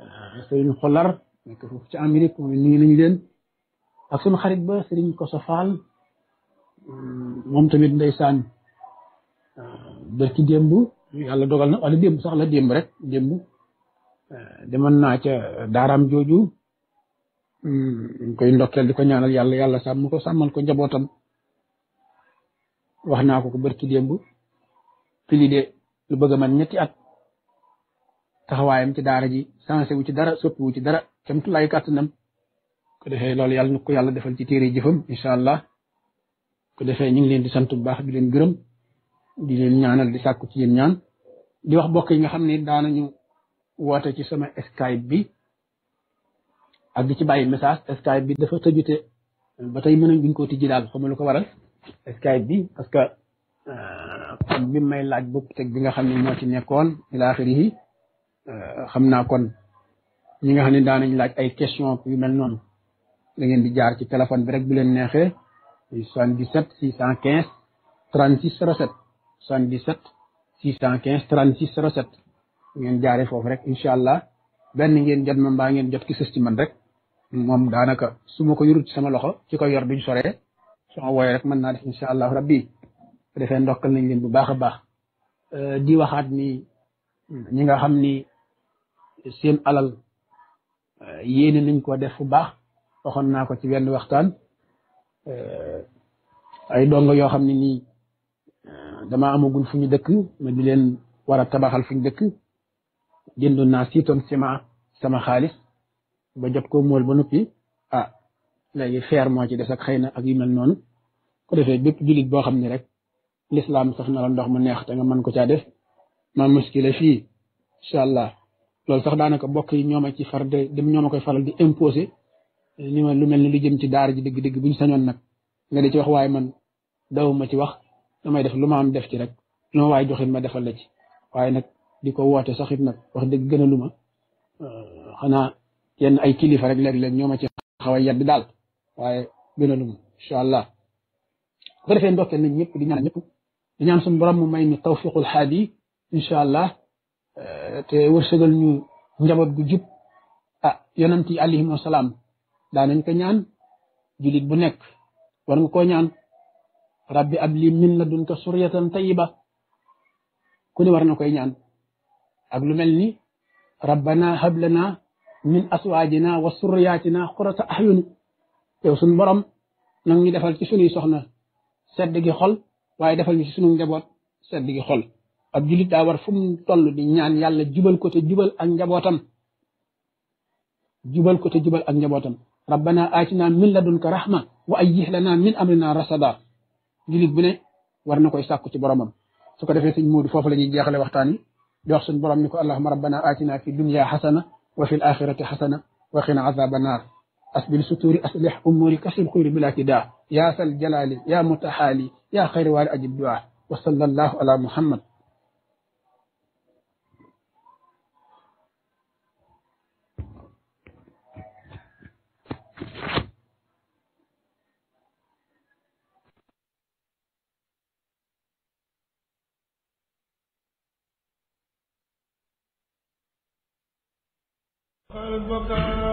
ah, sëriñ xolar nekk foofu ci Amérique moom nii nañ leen ak suñu xarit ba sëriñ Koso Fall mm, moom tamit ndeysaan Ah, barki démb yàlla dogal na wala démb sax la démb rek démb ah, demoon naa ca daaraam jooju hmm, ñu koy ndokkeel di ko ñaanal yàlla yàlla sàmm ko sàmmal ko njabootam wax naa ko ko barki démb pili de lu bëgg man ñetti at taxawaayam ci daara ji sensé wu ci dara soppi wu ci dara kem tu lay kàttanam ko defee loolu yàlla na ko yàlla defal ci téere jëfam incha allah ko defee ñu ngi leen di sant bu baax di leen gërëm di leen ñaanal di sàkku ci yéen ñaan di wax bokk yi nga xam ne daanañu woote ci sama skype bi ak di ci bàyyi message skype bi dafa tëjute ba tey mën a buñ ko tijji daal xamu lu ko waral skype bi parce que kon euh, bi may laaj bopp teg bi nga xam ne moo ci nekkoon ila axirihi euh, xam naa kon ñi nga xam ne ñu laaj ay question yu mel noonu da ngeen di jaar ci téléphone bi rek bu leen neexee 77 615 36 07 77 615 36 07 ngeen jaare foofu rek incha benn ngeen jot ma mbaa ngeen jot ki ci man rek moom daanaka su ma ko yurut sama loxo ci ko yor duñ soree su ma rek mën naa def incha rabbi defee ndokkal nañ leen bu baax a baax euh, di waxaat ni ñi nga xam ni seen alal euh, yéene nañ ko def bu baax waxoon naa ko ci benn waxtaan euh, ay dongo yoo xam ne nii Euh, dama amagul fu dëkk ma di leen war a tabaxal fu ñu dëkk jëndoon naa six tonnes sama xaalis ba jot ko mool ba noppi ah léegi feer moo ci des ak xëy na ak yu noonu ko defee bépp jullit boo xam ne rek lislaam saf na la ndox mu neex te nga mën ko ca def ma muskila fii incha allah loolu sax daanaka bokk yi ñooma ci far de dem koy faral di imposer ni ma lu mel ni lu jëm ci daara ji dëgg-dëgg bu ñu sañoon nag nga di ci wax waaye man dawuma ci wax damay def lu ma am def ci rek no way joxe ma defal la ci waye nak diko wote woote saxit nag wax deug gën a lu yenn ay kilifa rek leg leg ñoma ci xawa yedd dal waye gën a bu ko defee ndokkeel nañ di ñaan ñepp di ñaan suñu borom mu may ni tawfiqul hadi inshallah té euh, te ñu njabot gu jup ah yonanti alihi wa salam da nañ ko ñaan julit bu nek war nga ko ñaan rabbi ab li min la dun ka suryatan tayyiba ku ne war na koy ñaan ak lu mel ni rabbana hab lana min aswaajina wa surriyaatina xurata ahyun yow sun borom nag ñu defal ci sunuy soxna sedd gi xol waaye defal ñu ci sunu njaboot sedd gi xol ab julit daa war fu mu di ñaan yàlla jubal ko te jubal ak njabootam jubal ko te jubal ak njabootam rabbana aatina min ladunka rahma wa ayyih lana min amrina rasada julit bu ne war na koy sàkku ci boromam su ko defee sëñ muudu foofu la ñuy jeexale waxtaan yi di wax suñ borom ni ko allahuma rabbana atina fi dunya xasana wa fi alaxirati xasana wa qina azaba nar asbil suturi aslih umuri kasil xuyri bila kida ya sal jalali ya mutahali ya xayri wal ajib du'a wa sallallahu ala muhammad البقاء